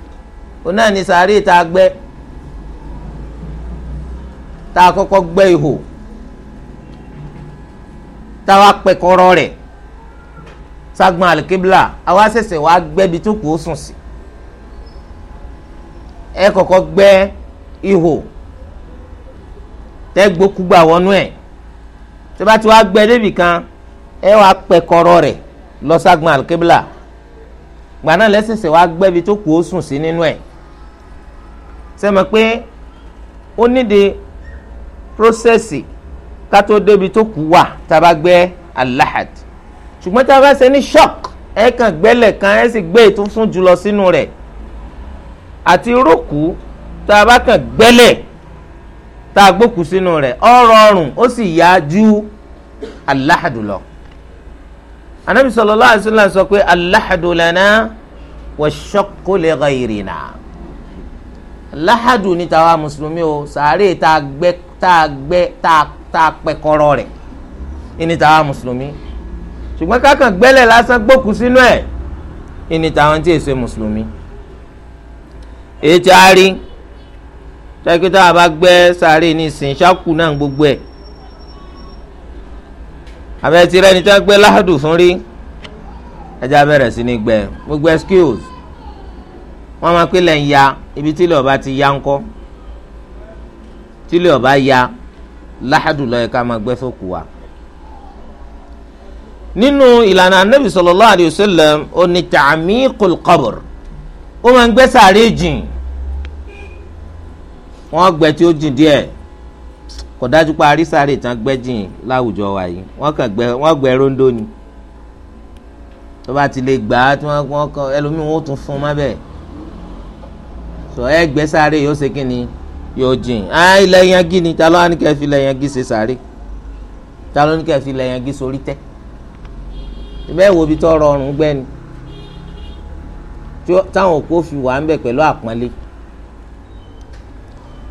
òun náà ní sàárè tá a gbẹ́ tá a kọ́kọ́ gbẹ́ ihò tá a wá pẹ́ kọ́rọ́ rẹ̀ sagbọn alikibla àwa ṣẹ̀ṣẹ̀ wá gbẹ́bi tó kù ó sùn sí ẹ kọ́kọ́ gbẹ́ ihò tẹ́ gbókùgbà wọnú ẹ̀ tó bá ti wá gbẹ́ débì kan ẹ wá pẹ́ kọ́rọ́ rẹ̀ lọ́sàgbọ́n alkebla gbà náà lẹ́sẹ̀sẹ̀ wá gbẹ́bi tó kù ó sùn sí nínú ẹ̀ sẹ́mi pé ó nídìí prósẹ́sì ká tó débi tó kù wà tá a bá gbẹ́ alahad ṣùgbọ́n tá a bá ṣe ní shock ẹ kàn gbẹ́lẹ̀ kan ẹ sì gbé ètò sún jùlọ sínú rẹ̀ àti rókù tá a bá kàn gbẹ́lẹ̀ tá a gbókù sínú rẹ̀ ó rọrùn ó sì yá ju alahad lọ anabi sallallahu alaihi wasallam sọ pé alahadu lana wa shakku li ghayrina alahadu ní tàwa mùsùlùmí o sàárè tá a gbẹ́ tá a gbẹ́ tá a pẹ́ kọ́rọ́ rẹ̀ ní tàwa mùsùlùmí ṣùgbọ́n kákan gbẹ́lẹ̀ lásán gbókù sínú ẹ̀ ní tàwọn tí èso mùsùlùmí èyí tí a rí tẹ́kítà bá gbẹ́ sàárè ní ìsìn ṣáàkù náà gbogbo ẹ̀ abẹ́tí rẹ ni tí wọ́n gbé láàdù fún rí ẹja bẹ̀rẹ̀ sí ní gbẹ gbogbo excuse wọ́n máa pé lẹ́yìn ya ibi tí ilẹ̀ ọba ti ya ńkọ́ tí ilẹ̀ ọba ya láàdù lọ́yẹ̀ ká máa gbẹ́ sókù wa. nínú ìlànà anabi sallallahu alayhi wa sallam oní ta'miqul ó máa ń gbẹ́ sàárè jìn wọ́n gbẹ́ tí ó jìn díẹ̀ kò dájú pé arísàárè tán gbẹ́jìn láwùjọ wa yìí wọ́n kàn gbẹ wọ́n gbẹ róńdó ni tó bá ti lè gbà á tí wọ́n kàn ẹlòmíì wọ́n tún fún un má bẹ́ẹ̀ sọ ẹ gbẹ́ sáré yóò ṣe kí ni yóò jìn á ilẹ̀ yangi ni ta ló wá ní kẹ́ fi ilẹ̀ yangi ṣe sáré ta ló ní kẹ́ fi ilẹ̀ yangi sórí tẹ́ ìbẹ́ wo ibi tó rọrùn gbẹ́ni táwọn òkú fi wà ń bẹ̀ pẹ̀lú àpọ́nlé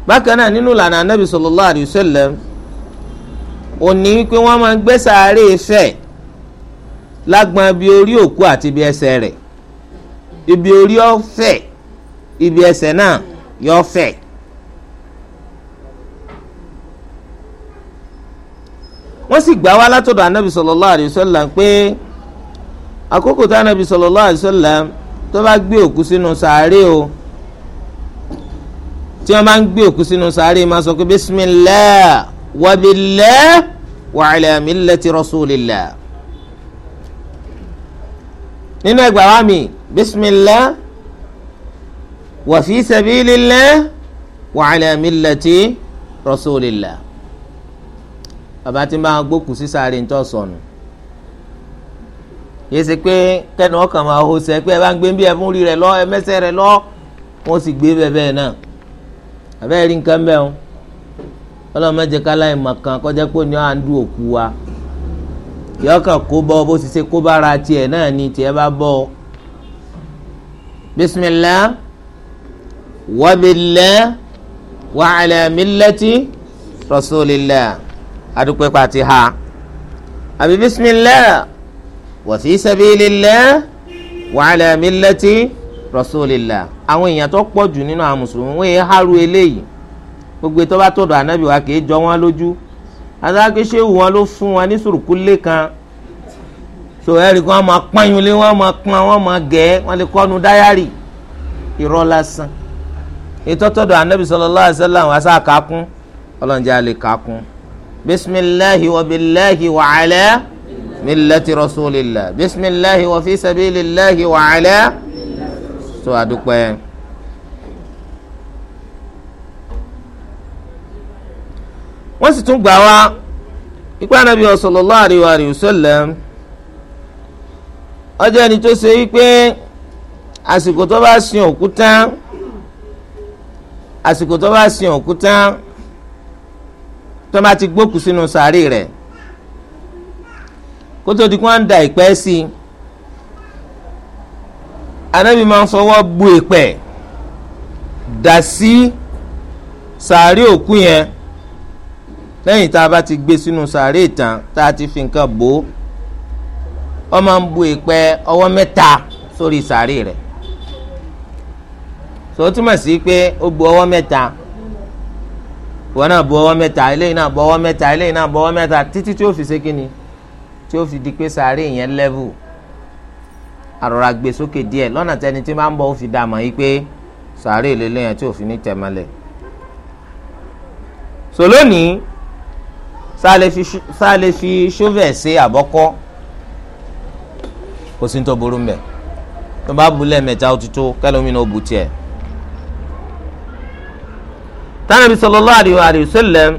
bákan náà nínú ìlànà anábì sallallahu alayhi wa sallam ó ní wípé wọ́n máa ń gbé sàárè fẹ̀ lágbọn ibi orí òkú àti ibi ẹsẹ̀ rẹ̀ ibi orí ó fẹ̀ ibi ẹsẹ̀ náà yó fẹ̀. wọ́n sì gbà wá látọ̀dọ̀ anábì sallallahu alayhi wa pé àkókò tá anábì sallallahu alayhi tó bá gbé òkú sínú sàárè o tí wọ́n bá ń gbé òkú sínú sàárè máa sọ pé bisimilah wabillah wa ala millati rasulillah. nínú ẹgbàá wa mi bisimilah wa fi sabilillah wa ala millati rasulillah. bàbá tí máa gbókù sí sàárè ń tọ́ sọnù yìí ṣe pé kẹ́nu ọkàn máa hó sẹ́ pé ẹ bá ń gbé bí ẹ fún rí rẹ lọ ẹ mẹ́sẹ̀ rẹ lọ wọ́n sì gbé bẹ́ẹ̀ náà àbẹ́ rí nǹkan bẹ́ẹ̀ o ọlọ́run mẹ́jẹ kálá ìmọ̀ kan kọjá pé ní à ń du òkú wa yọkàn kó bọ́ bó ti ṣe kó bára tiẹ̀ náà ni tiẹ̀ bá bọ́ ọ. bisimilah wabillah wa ala millati adúpẹ́ pàtí ha àbí bisimilah wa fi sabilillah wa rasulillah àwọn èèyàn tó pọ̀ jù nínú àwọn mùsùlùmí wọ́n yẹ haru eléyìí gbogbo ètò bá tọ̀dọ̀ ànábì wa kìí jọ wọn lójú adáké ṣéwù wọn ló fún wọn ní sùrùkúlé kan tó ẹ̀rí kan máa pọ́nyún lé wọn máa pọ́n wọn máa gẹ̀ẹ́ wọn lè kọ́nu dáyàrí irọ́ lásán ètò tọ̀dọ̀ ànábì sallallahu alaihi wasallam wọn sá kakún ọlọ́njẹ́ àlè kakún bisimilahi wa bilahi wa ala millati rasulillah bisimilahi wa fi sabilillahi wa ala. so adúpẹ́. wọ́n sì tún gbà wá ikú anabi sallallahu alaihi wasallam ọjọ́ ẹni tó ṣe wípé àsìkò tó bá sin òkú àsìkò tó bá sin òkú tán tó bá ti gbókù sínú sàárè rẹ̀ kó tó di kó ń da ìpẹ́ sí i anabi máa ń fọwọ́ bu ìpẹ́ dà sí sàárè òkú yẹn lẹ́yìn tá a bá ti gbé sínú sàárè ìtàn tá a ti fi nǹkan bò ọ máa ń bu ìpẹ́ ọwọ́ mẹ́ta sórí sàárè rẹ̀ so túmọ̀ sí pé ó bu ọwọ́ mẹ́ta wọn náà bu ọwọ́ mẹ́ta eléyìí náà bu ọwọ́ mẹ́ta eléyìí náà bu ọwọ́ mẹ́ta títí tí ó fi ṣe kí ni tí àrọ̀rà gbé sókè díẹ̀ lọ́nà tẹni tí máa ń bọ̀ ó fi dààmú yìí pé sàárè lélẹ́ yẹn tí ò fi ní tẹ̀mọ́lẹ̀. sòlónì sáàlè fi ṣúfẹ̀ ṣe àbọ́kọ́ kò sí ní tó burú mbẹ̀ tó bá bu lẹ́ẹ̀mẹ́ta ó ti tó kẹ́lómìnà ó bu tiẹ̀. tánàbí sallallahu alaihi wasallam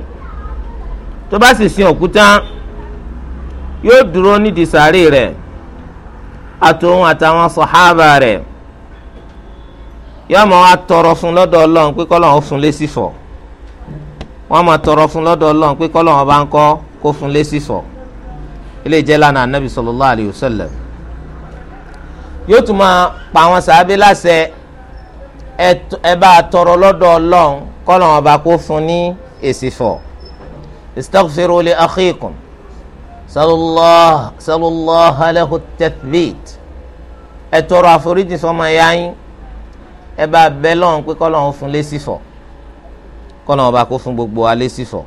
tó bá sì sin òkúta yóò dúró nídìí sàárè rẹ̀ àtòun àtàwọn sọ̀hábà rẹ̀ yóò máa wá tọrọ fún lọ́dọ̀ ọlọ́run pé kọ́lọ́run ó fún lé sífọ̀ wọ́n máa tọrọ fún lọ́dọ̀ ọlọ́run pé kọ́lọ́run ọba ń kọ́ kó fún lé sífọ̀ ilé ìjẹ́ lánàá anabi sallallahu alayhi wa yóò tún máa pa àwọn sàábé láṣẹ ẹ bá a tọrọ lọ́dọ̀ ọlọ́run kọ́lọ́run ọba kó fún ní èsì fọ̀ istaghfiru li akhikum sallallahu sallallahu alahu tathbit ẹ tọrọ àforíjì sọmọ ẹyà yín ẹ bá bẹ lọ́n pé kọ́lọ́n fún lẹ́sì fọ̀ kọ́lọ́n bá kó fún gbogbo wa lẹ́sì fọ̀.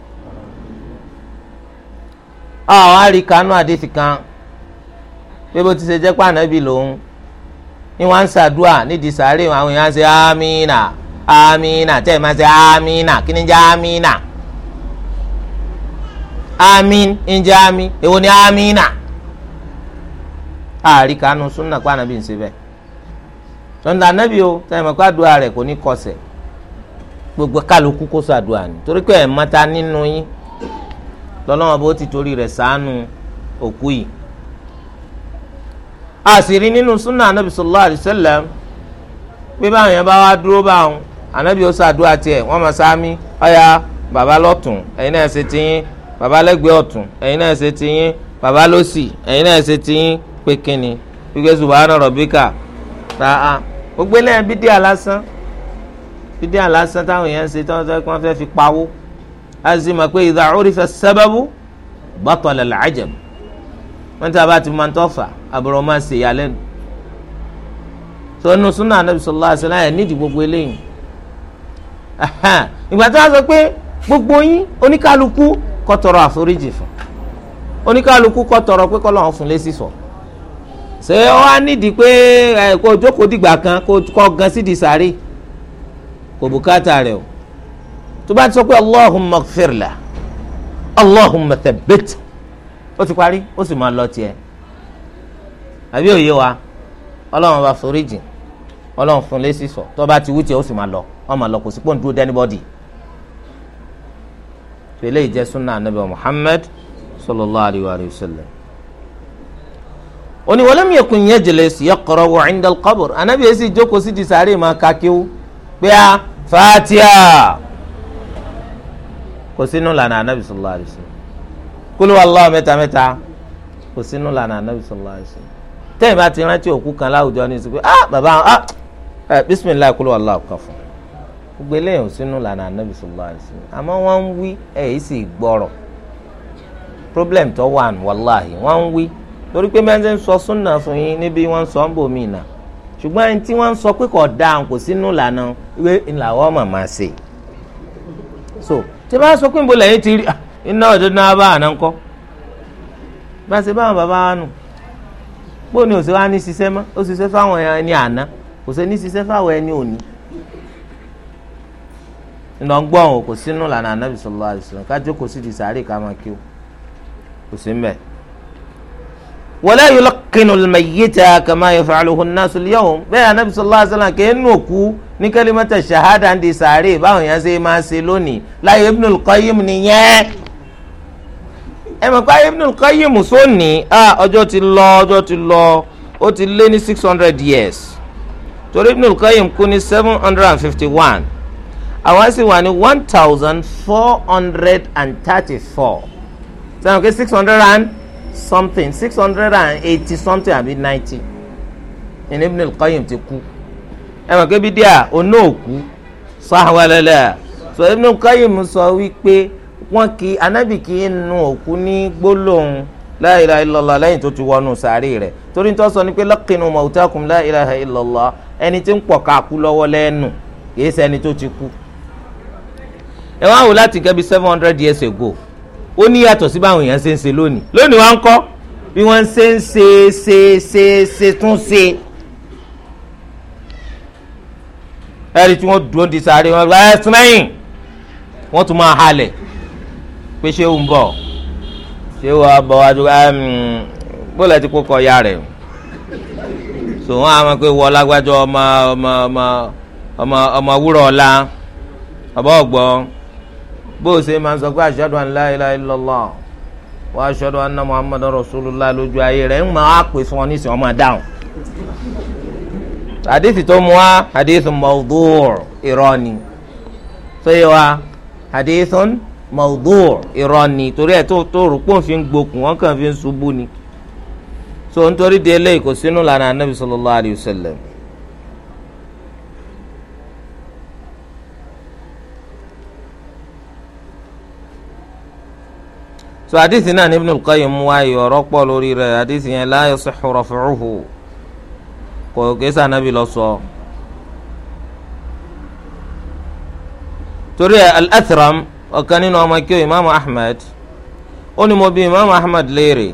àwọn àríkanú àdìsí kan pé bó ti ṣe jẹ́ pàànàbí lòun ni wọ́n ń ṣàdúà nídìí sàárè àwọn èèyàn ṣe amínà amínà tẹ́ ẹ̀ máa ṣe amínà kí ni jẹ́ amínà amin ǹjẹ́ amin èwo ni amina àárí kanu sunna pa anabi ń ṣe bẹ́ẹ̀ sọ̀nà anabi o sẹ́yìn mọ̀ kó àdúrà rẹ̀ kò ní kọsẹ̀ gbogbo kálukú kó sọ àdúrà ni torí pé ẹ̀ mọ́ta nínú yín lọ́lọ́wọ́n bó ti torí rẹ̀ sànù òkú yìí àṣírí nínú sunna anabi sallallahu alayhi wa sallam pé báwọn yẹn bá wá dúró báwọn anabi ó sàdúrà tiẹ̀ wọ́n mọ̀ sáámi ọ̀ya bàbá lọ́tún ẹ̀yin náà ṣe tiyín bàbá lẹ́gbẹ̀ẹ́ ọ̀tún ẹ̀yin náà ṣe ti yín bàbá lọ́sì ẹ̀yin náà ṣe ti yín pé kínni wípé subahana rọ̀bíkà ràá gbogbo eléyàn bídí àlásán bídí àlásán táwọn èèyàn ń ṣe tí wọ́n fẹ́ fi pawó á sì mọ̀ pé ìdá òrìfẹ́ sábàbù bàtọ̀lẹ̀ làájẹ̀m wọ́n tí a bá ti máa ń tọ́fà àbúrò máa ń ṣe ìyàlẹ́nu tó súnà anábì sọlá àṣẹlá ẹ̀ nídìí gbogbo eléyìí ìgbà tí wọ́n sọ pé gbogbo yín oníkálukú kọtọrọ àforíjì fún tọrọ pé kọ́lọ́run fún lésì sọ ṣé wá nídìí pé ẹ kó jókòó dìgbà kan kó gan sídìí sáré kò bùkátà rẹ o tó bá ti sọ pé allahumma ighfirlah allahumma thabbit ó ti parí ó sì máa lọ àbí òye wa bá foríjì fún sọ tó bá ti wú ó sì máa lọ lọ kò sí fèlè ìjẹ́ sunna anabi muhammad sallallahu alayhi wa sallam. oni walam yakun yajlis yaqra'u 'inda al-qabr anabi yẹn sì jókòó sí di sàárè máa ka kíw pé a fatiha kò sínú anabi sallallahu alayhi wa sallam kúlù wàllu mẹ́ta mẹ́ta kò sínú anabi sallallahu alayhi wa sallam tẹ́yìn bá ti rántí òkú kan láwùjọ ní ìsìnkú ah bàbá ah eh, bisimilayi kúlù wàllu kan fún gbogbo eléyìí ò sínú lànà anabi sallallahu alaihi wasallam àmọ́ ń wí ẹ̀ sì gbọ́rọ̀ problem tó wà ní wàláhì wọ́n ń wí torí pé mẹ́ńsẹ̀ ń sọ súnà fún yín níbi wọ́n ń sọ ń bò mí nà ṣùgbọ́n ẹni tí wọ́n ń sọ pé kò dáa kò sínú lànà ìwé ìlàwọ́ màmá ṣe so tí bá sọ pé ń bo lẹ́yìn ti rí ah, iná ọ̀dọ́ náà bá àná ńkọ́ bá ṣe báwọn bàbá wa nù bóun ni òṣèwà ní ṣiṣẹ́ mọ́ ó fáwọn ẹni àná òṣèwà ní ṣiṣẹ́ fáwọn ẹni òní nínú ọgbọ́n o kò sínú lànà anabi sallallahu alaihi wasallam kájọ kò sí di sàárè ká máa kí o kò sí mbẹ. wala yulqinu al-mayyita kama yaf'aluhu an-nasu al-yawm bẹ́ẹ̀ anabi sallallahu alaihi wasallam kẹ́ẹ́ nù òkú ní kalimata shahada ń di sàárè báwọn yẹn ṣe máa ṣe lónìí láyé Ibnul Qayyim nìyẹn ẹ mọ̀ pé Ibnul Qayyim sóòní ọjọ́ ti lọ ọjọ́ ti lọ ó ti lé ní six hundred years torí Ibnul Qayyim kú ní seven hundred and fifty one àwa sì wà ní one thousand four hundred and thirty-four sẹ́wọ̀n pé six hundred and something six hundred and eighty something àbí ninety ìní Ibn al-Qayyim ti kú ẹ mọ̀ pé bí díà oná òkú sàwálẹ́lẹ́ sọ Ibn al-Qayyim sọ wípé wọn kì í anábì kì í nu òkú ní gbólóhùn la ilaha illallah lẹ́yìn tó ti wọnú sàárì rẹ̀ torí tó sọ ni pé laqinu mautakum la ilaha illallah ẹni tí ń pọ̀ ká kú lọ́wọ́ lẹ́nu kì í ṣe ẹni tó ti kú ẹ wá wò láti gẹ́bi seven hundred years ago ó ní yàtọ̀ sí báwọn èèyàn ṣe ń ṣe lónìí lónìí wá ń kọ́ bí wọ́n ṣe ń ṣe ṣe ṣe ṣe tún ṣe. ẹ̀rí tí wọ́n dúró di sáré wọn ẹ̀ sún lẹ́yìn wọ́n tún máa halẹ̀ pé ṣé ó ń bọ̀ ṣé wàá bọ̀ wájú bóòlù ẹ̀ ti kó kọ ya rẹ̀ so wọ́n á máa pé wọ́n lágbájọ ọmọ ọmọ ọmọ ọmọ wúrọ̀ ọ̀la ọba ọ̀gbọ́n bó o ṣe máa ń sọ pé ashhadu an la ilaha illallah wa ashhadu anna muhammadan rasulullah lójú ayé rẹ̀ ń máa pè fún ọ ní ìsìn ọmọ dáhùn. hadithi tó mu wá hadithu mawdu' irọ́ ni sọ́yẹ́ wa hadithun mawdu' irọ́ torí ẹ̀ tó tó rò pọ̀ fi ń gbókùn wọ́n kàn fi ń ṣubú ni. so nítorí délé kò sínú lànà anabi sallallahu alayhi wa sallam. so àdìsí náà ní Ibn al-Qayyim mú ayé ọ̀rọ̀ pọ̀ lórí rẹ̀ àdìsí yẹn la yasihhu raf'uhu kò kéésà nàbì lọ sọ. torí ẹ al-Athram ọ̀kan nínú ọmọ kí o imaamu Ahmed ó ní mo bi imaamu Ahmed léèrè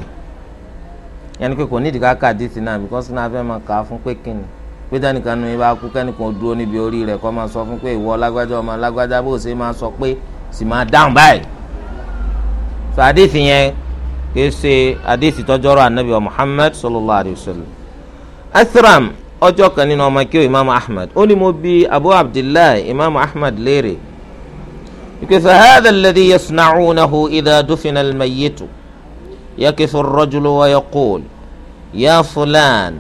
yẹn ni pé kò nídìí ká ká àdìsí náà bíkọ́sì náà fẹ́ máa kà á fún pé kíni pé dánìkan nu ibà kú kẹ́nìkan dúró níbi orí rẹ̀ kọ́ máa sọ fún pé ìwọ lágbájá ọmọ lágbájá bó ṣe máa sọ pé sì so àdìsí yẹn kìí ṣe àdìsí tọjọrọ anabi wa muhammad sallallahu alayhi wa sallam athram ọjọ́ kan nínú ọmọ kí o imaamu ahmed ó ní mo bi abu abdullahi imaamu ahmed léèrè ìpèsè hàdà lẹ́dí yasnacunahu idà dufina almayitu yakifu rajulu wa yaqul ya fulan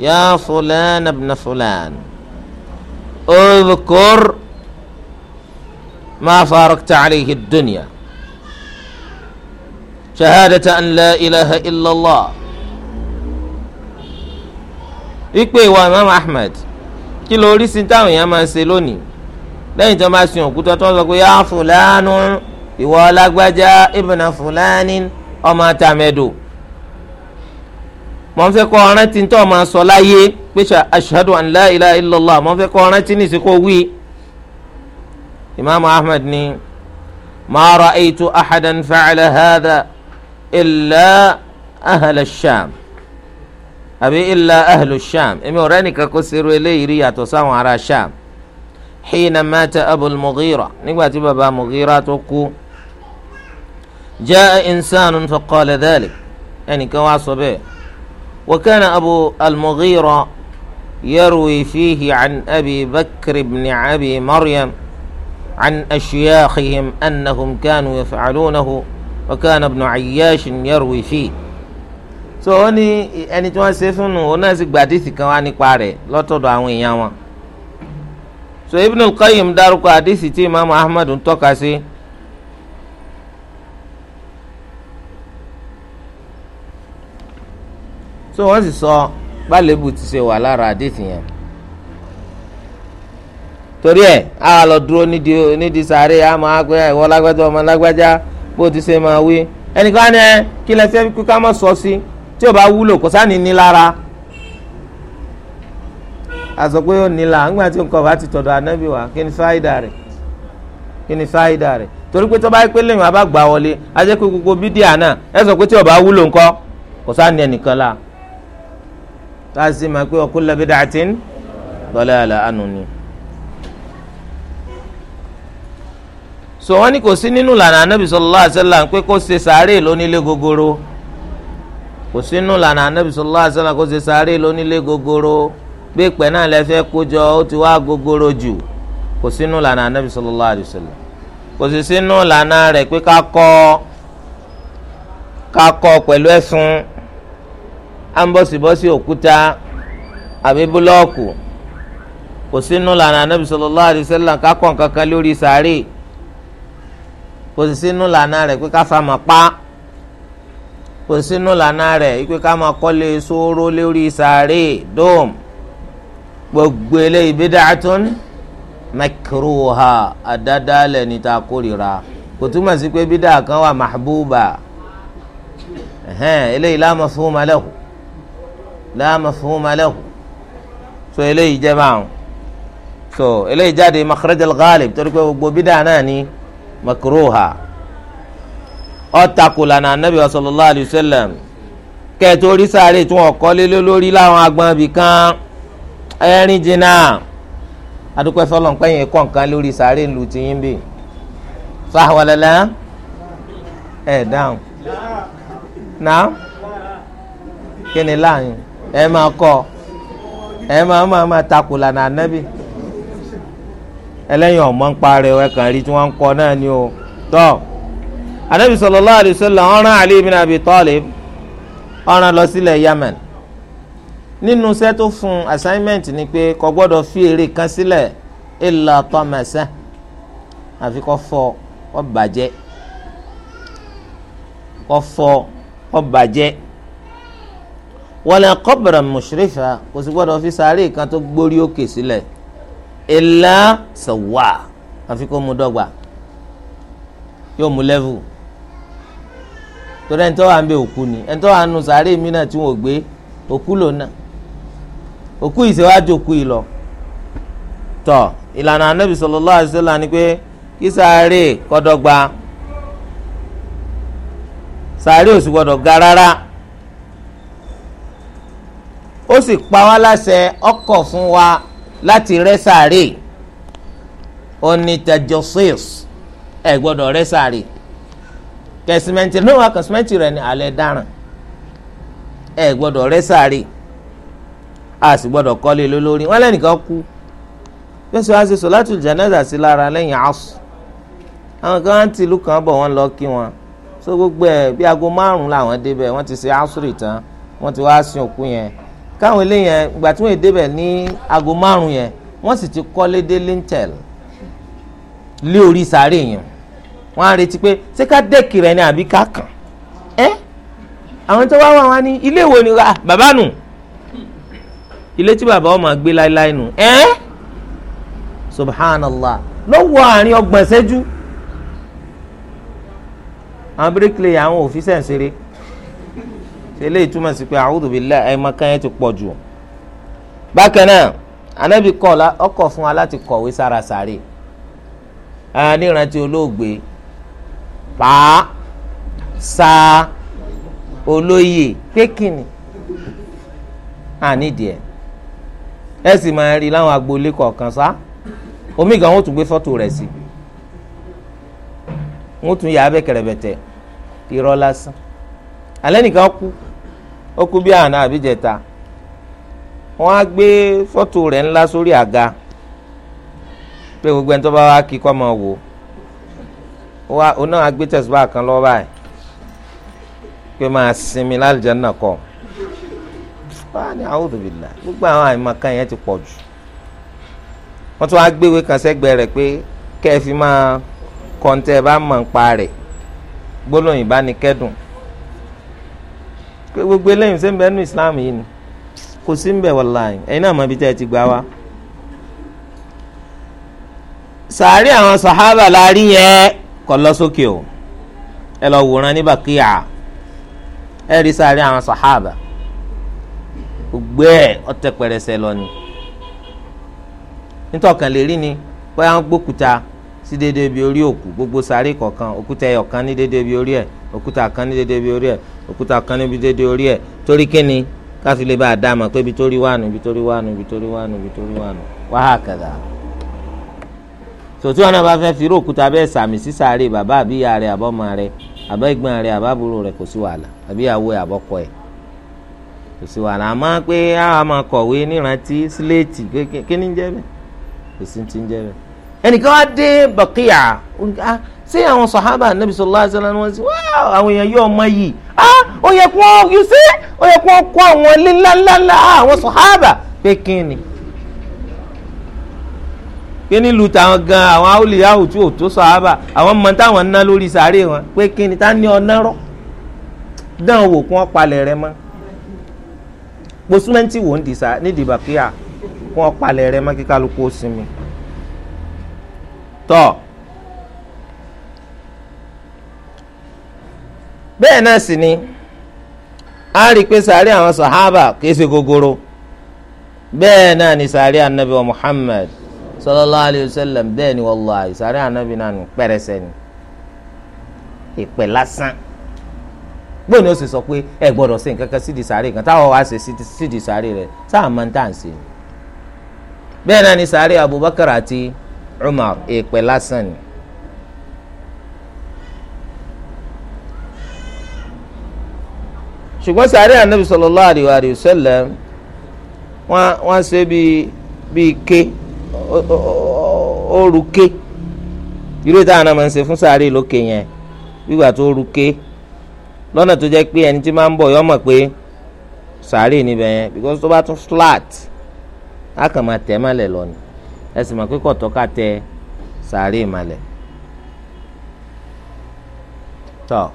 ya fulan abna fulan udhkur ma farakta calayhi dunya shahadata an la ilaha illallah wípé ìwà imam ahmed kí ló rí sí táwọn èèyàn máa ń ṣe lónìí lẹ́yìn tó máa sin òkú tó tó sọ pé yá fúlánù ìwọ ọlágbájá ibùnà fúlánì ọmọ tàmẹ́dò mọ̀ n fẹ́ kọ́ ọ̀rántí tó máa sọ láyé pé ashhadu an la ilaha mọ̀ n fẹ́ kọ́ ọ̀rántí ní ìsìnkú wí. imaamu ahmed ni ma ra'aytu ahadan fa'ala hadha. إلا أهل الشام أبي إلا أهل الشام إمي وراني كاكو لي ريا تو على الشام حين مات أبو المغيرة نقواتي بابا مغيرة توكو جاء إنسان فقال ذلك يعني كواصو به وكان أبو المغيرة يروي فيه عن أبي بكر بن أبي مريم عن أشياخهم أنهم كانوا يفعلونه وكان ابن عياش يروي فيه so ó ní ẹni tí wọ́n ṣe fún un òun náà sì gbàdísì kan wá nípa rẹ̀ lọ́tọ̀dọ̀ àwọn èèyàn wọn so Ibn al-Qayyim dárúkọ àdísì tí imaamu Ahmad ń tọ́ka sí. so wọ́n sì sọ gbàlébù ti ṣe wà lára àdísì yẹn torí ẹ̀ a lọ dúró nídìí sáré àmọ́ àgbẹ̀ ìwọ lágbájá ọmọ lágbájá bó ti ṣe máa wí ẹnìkan ẹ kí lẹ fẹ́ kí ká mọ̀ sọ sí tí ò bá wúlò kò sáà ní ní lára àsọ pé ó nílà ńgbà tí nǹkan bá ti tọ̀dọ̀ ànábì wá kí ni fáìdà rẹ̀ kí ni fáìdà rẹ̀ torí pé tó bá pé lèyìn abá gbà wọlé ajẹ́ pé gbogbo bídíà náà ẹ sọ pé tí ó bá wúlò ńkọ́ kò sáà ẹnìkan la táà sì máa pé ọkùnrin lẹ́bí dàtín lọ́lẹ́ àlà ànú ni. so wọ́n ní kò sí nínú ìlànà anabi sallallahu alaihi pé kó ṣe sàárè lónílé gogoro kò sínú ìlànà anabi sallallahu alaihi wasallam kó ṣe sàárè lónílé gogoro pé pẹ̀ náà lẹ fẹ́ kójọ ó ti wá gogoro jù kò sínú ìlànà anabi sallallahu alaihi kò sínú pé òkúta àbí kò sínú anabi sallallahu alaihi lórí kò sì sínú lànà rẹ̀ pé ká fa máa pa kò sí sínú lànà rẹ̀ pé ká máa kọ́lé sóró lórí sàárè dóòm gbogbo eléyìí bid'atun makruha àdádálẹ̀ ní ta kórìíra kò túmọ̀ sí pé bídà kan wà mahbuba eléyìí la mafhuma lahu la mafhuma lahu so eléyìí jẹ́ báwọn so eléyìí jáde makhraj al torí pé gbogbo bídà náà ni. makruha ọ̀tàkùlànà anabi sallallahu alayhi wa sallam kẹ́ẹ̀tọ́ sáré tí wọ́n kọ́ lé lórí láwọn kan ẹ̀rín jìnnà adúpẹ́ sọ́lọ̀ ń pẹ́yìn ẹ̀kọ́ nǹkan lórí sáré ìlú ti yín bì sáwọlẹ́lẹ́ ẹ̀ dáhùn náà kí ni láàyè ẹ̀ máa kọ́ ẹ̀ máa máa ẹlẹ́yìn ọ̀mọ́ ń parẹ́ ẹ kàn rí tí wọ́n ń kọ́ náà ni o tọ́ anabi sallallahu alaihi wasallam ọ̀ràn Ali ibn Abi Talib ọ̀ràn lọ sílẹ̀ Yemen nínú iṣẹ́ tó fún assignment ni pé kò gbọ́dọ̀ fi èrè kan sílẹ̀ illa tamasa àfi kó fọ́ kó bàjẹ́ kó fọ́ kó bàjẹ́ wala qabran mushrifa kò sì gbọ́dọ̀ fi sàárè kan tó gbórí òkè sílẹ̀. Si ilà sọ̀wà àfi kó mu dọ́gba yóò mu lẹ́vù torí ẹni tó òkú ni ẹni tó wà nù sàárè mi náà tí wọn ò gbé òkú lò náà òkú yìí òkú yìí lọ tọ ìlànà anábì ni pé kí sàárè dọ́gba sàárè ò sì gbọdọ̀ wa. láti rẹ́ sàárè onitajosis ẹ gbọ́dọ̀ rẹ́ sàárè kẹsìmẹ́ntì náà wà kẹsìmẹ́ntì rẹ̀ ní alẹ́ dáràn ẹ gbọ́dọ̀ rẹ́ sàárè a sì gbọ́dọ̀ kọ́lé lólórí wọn lẹ́nìkan kú fẹsẹ̀ wá ṣe sọ̀látù jánásà sí lára lẹ́yìn asù àwọn kan á ti ìlú kan bọ̀ wọ́n lọ kí wọn so gbogbo ẹ̀ bí aago márùn-ún làwọn débẹ̀ wọ́n ti ṣe asùrì tán wọ́n ti wá sin òkú yẹn káwọn eléyẹn ìgbà tí wọ́n débẹ̀ ní aago márùn yẹn wọ́n sì ti kọ́lé dé lintel lé orí sáré yẹn wọ́n á retí pé ṣé ká dẹ́kì rẹ̀ ni àbí ká kàn ẹ́ àwọn tó wá wà wá ní ilé ìwò ni ah, bàbá nù ilé tí bàbá wọn máa gbé láéláé nù ẹ́ subhanallah lọ́wọ́ àárín ọgbọ̀n ṣẹ́jú àwọn bíríkìlì àwọn òfìsẹ̀ ń ṣeré tẹ́lẹ̀ ìtumọ̀ sí pé a'udhu billahi ẹ̀ma kan yẹn ti pọ̀ jù. bákan náà anábì kọ̀ ọkọ̀ fún wa láti kọ̀wé sára sàárè aníranti olóògbé pàá sáà olóyè kékìnì ànídìí ẹ̀ ẹ sì máa rí láwọn agboolé kọ̀ọ̀kan sá omi gan wọn tún gbé fọ́tò rẹ̀ sí wọn tún yà á bẹ́ kẹrẹ̀bẹ̀tẹ̀ irọ́ lásán alẹ́ nìkan kú ó kú bí àná àbíjẹta wọ́n á gbé fọ́tò rẹ̀ ńlá sórí àga pé gbogbo ẹni tó bá wá kí kọ́ máa wò ó òun náà á gbé tẹ̀síwá kan lọ́wọ́ báyìí pé máa sinmi lálùjánnà kọ́ wàá ní a'udhu billah gbogbo àwọn àìmọ̀kan yẹn ti pọ̀ jù wọ́n tún wá gbéwèé kan sẹ́gbẹ̀ẹ́ rẹ̀ pé kẹ́ẹ̀ fi máa kọ́ńtẹ́ bá mọ̀ ń pa rẹ̀ gbólóyìn bá ní kẹ́dùn pé gbogbo eléyìí ṣé ń bẹ́ẹ̀ nu islam yìí ni kò sí ń bẹ̀ wàláhì ẹ̀yin náà mọ ibi tẹ́ ẹ ti gbà wá. sàárì àwọn sàhábà la rí yẹn kọ lọ sókè o ẹ lọ wòran ní bàkíyà ẹ rí sàárì àwọn sàhábà gbogbo ẹ ọtẹ pẹrẹsẹ lọ ni nítọ̀kàn lè rí ni bóyá ń gbókúta sí dédé bí orí òkú gbogbo sáré kọ̀ọ̀kan òkúta ẹyọ kan ní dédé bí orí ẹ̀ òkúta kan ní dédé bí orí ẹ̀ òkúta kan níbi dédé orí ẹ̀ torí kíni káfí lè bá a dá a mọ̀ pé ibi tó rí wà nù ibi tó rí wà nù ibi tó rí wà nù ibi tó rí wà nù wàhálà kàdà sòtú ọ̀nà bá fẹ́ fi irú òkúta bẹ́ẹ̀ sàmì sí sáré bàbá àbí ìyá rẹ̀ àbọ́mọ rẹ̀ àbá ìgbọ́n rẹ̀ àbábúrò rẹ̀ kò sí wàhálà àbí ìyàwó ẹ̀ àbọ́kọ ẹ̀ kò sí wàhálà àmọ́ pé a máa kọ̀wé nírántí síléètì kékeré ni ń jẹ́ bẹ́ẹ̀ kò sí ti ń jẹ́ bẹ́ẹ̀ ẹnìkan wá dé bàkìyà ah, ṣé àwọn sàhábà nàbì sallallahu alaihi wasallam wọn sí wá àwọn èèyàn yóò mọ yìí ah, ó yẹ kó yìí sí ó yẹ kó kó àwọn ilé ńláńláńlá ah, àwọn sàhábà pé kí ni pé nílùú táwọn gan àwọn awúlíyàwó tí ò tó àwọn mọ táwọn ná lórí sàárè wọn pé kí ni tá ní ọ̀nà rọ dán wò kí wọ́n rẹ mọ́ gbósúmẹ́ntì wò ń dì sá nídìí bàkìyà kí wọ́n rẹ mọ́ kí ó sinmi tọ́ bẹ́ẹ̀ náà sì ni a rí i pé sàárẹ̀ àwọn sàhábà kìí ṣe gogoro bẹ́ẹ̀ náà ni sàárẹ̀ anabi wa Muhammad sallallahu alayhi wa sallam bẹ́ẹ̀ ni wallahi sàárẹ̀ anabi náà nù pẹ́rẹsẹ̀ ni ìpẹ́ lásán gbọ́dọ̀ ni ó sì sọ pé ẹ gbọ́dọ̀ sí nǹkan kan sídìí sàárè kan táwọn wá ṣe sídìí sàárè rẹ̀ sáà máa ń tà ń ṣe bẹ́ẹ̀ náà ni sàárè Abubakar àti. Umar èèpẹ̀ lásán ni. ṣùgbọ́n sàárẹ̀ ànábì sallallahu alaihi wa sallam wọ́n ṣe bíi bíi ké ooru ké irú ìta àná máa ń ṣe fún sàárẹ̀ lókè yẹn wíwà tó ooru ké lọ́nà tó jẹ́ pé ẹni tí máa ń bọ̀ yọ mọ̀ pé sàárẹ̀ níbẹ̀ yẹn because tó bá tún flat á ẹ sì mọ̀ pé kọ̀tọ́ ká tẹ sàárè ìmàlẹ̀ tọ́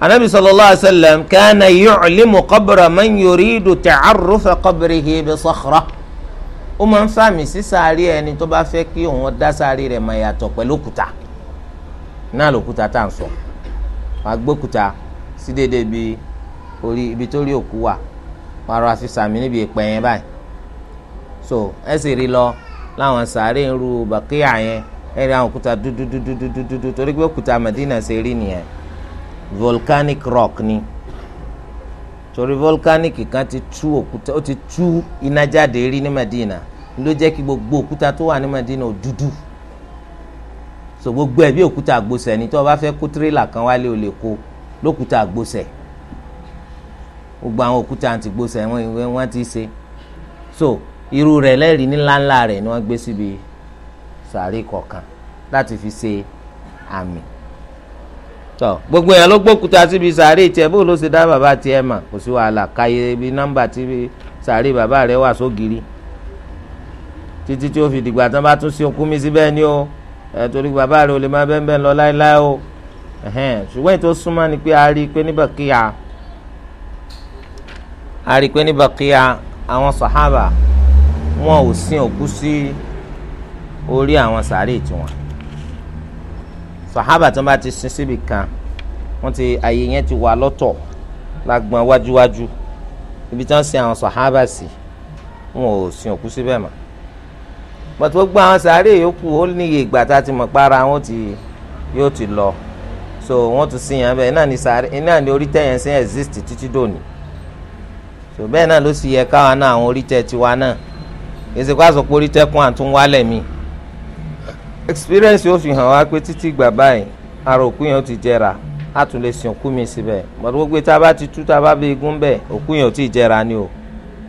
anabi sallallahu alayhi wa sallam kana yu'limu qabra man yuridu ta'arrufa qabrihi bi sakhra ó máa ń fàmì sí sàárè ẹni tó bá fẹ́ kí òun dá sàárè rẹ̀ mọ̀ yàtọ̀ pẹ̀lú òkúta náà lòkúta tá à ń sọ wàá gbókúta sí bíi orí ibi tó rí òkú wà wọn arọ àfisàmì níbi ìpẹ́ yẹn báyìí so ẹ sì rí lọ láwọn sàárè ń ru bàkíyà yẹn ẹ rí àwọn òkúta dúdú dúdú dúdú dúdú torí pé òkúta Madina ṣe rí nìyẹn volcanic rock ni torí volcanic kan ti tú òkúta ó ti tú iná jáde rí ní Madina ló jẹ́ kí gbogbo òkúta tó wà ní Madina ó dúdú so gbogbo ẹ̀ bí òkúta àgbòsẹ̀ ni tó o bá fẹ́ kó tirẹ́là kan wálé o kó lókúta àgbòsẹ̀ gbogbo àwọn òkúta àti gbòsẹ̀ wọn wọn ti ṣe so irú rẹ̀ lẹ́rìí níláńlá rẹ̀ ni wọ́n gbé síbi sàárì kọ̀ọ̀kan láti fi ṣe àmì tọ gbogbo yẹn ló gbókúta síbi sàárì tiẹ̀ bó ló ṣe dá bàbá tiẹ̀ mà kò sí wàhálà káyé ibi nọ́mbà tí sàárì bàbá rẹ̀ wà sógiri títí tí ó fi dìgbà tán bá tún sí okú mi síbẹ̀ ni o ẹ torí bàbá rẹ̀ ò lè má bẹ́ẹ̀ bẹ́ẹ̀ lọ láéláé o ṣùgbọ́n ètò súnmọ́ ni pé a rí i pé níbẹ̀ kíá a rí pé ní Baqiya àwọn sàhábà wọn ò sin òkú sí orí àwọn sàárè tiwọn sàhábà tó bá ti sin síbi kan wọ́n ti àyè yẹn ti wà lọ́tọ̀ lágbọn wájúwájú ibi tí wọ́n sin àwọn sàhábà sí wọn ò sin òkú síbẹ̀ mọ́ pàtó gbogbo àwọn sàárè yòókù ó níye ìgbà tá a ti mọ̀ para wọn ti yóò ti lọ so wọ́n tún sin yẹn bẹ́ẹ̀ náà ni orí tẹ̀yẹ̀ sí exist títí dòní. so bẹ́ẹ̀ náà ló sì yẹ káwa náà àwọn oríṣẹ́ tiwa náà èsì kó àsopọ̀ oríṣẹ́ kún àtúnwálẹ̀ mi experience yóò fi hàn wá pé títí ìgbà báyìí ara òkú ti jẹrà á tún lè si òkú mi síbẹ̀ gbogbo tá a bá ti tú tá a bá bẹ ti ni o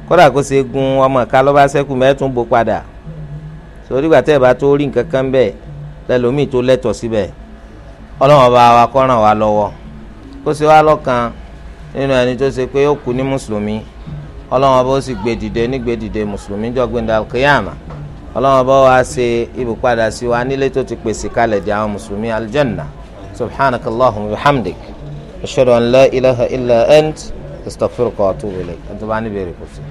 kódà kó ṣe gun ọmọ ká lọ́ba sẹ́kù mẹ́tún bó padà sórí ìgbà tẹ́ ẹ̀ bá tó rí nǹkan kan bẹ́ẹ̀ tó lẹ́tọ̀ síbẹ̀ ọlọ́run nínú ẹni tó ṣe pé ó kú ní mùsùlùmí ọlọ́wọ́n bó sì gbé dìde nígbé dìde mùsùlùmí jọ̀gbìndà kìyàmà ọlọ́wọ́n bó wá ṣe ibùpadà sí wa nílé tó ti pèsè kalẹ̀ di àwọn mùsùlùmí aljanna subhanaka allahumma wa bihamdik ashhadu an la ilaha illa ant astaghfiruka wa atubu ilayk ẹni tó bá ní bèrè kò sí.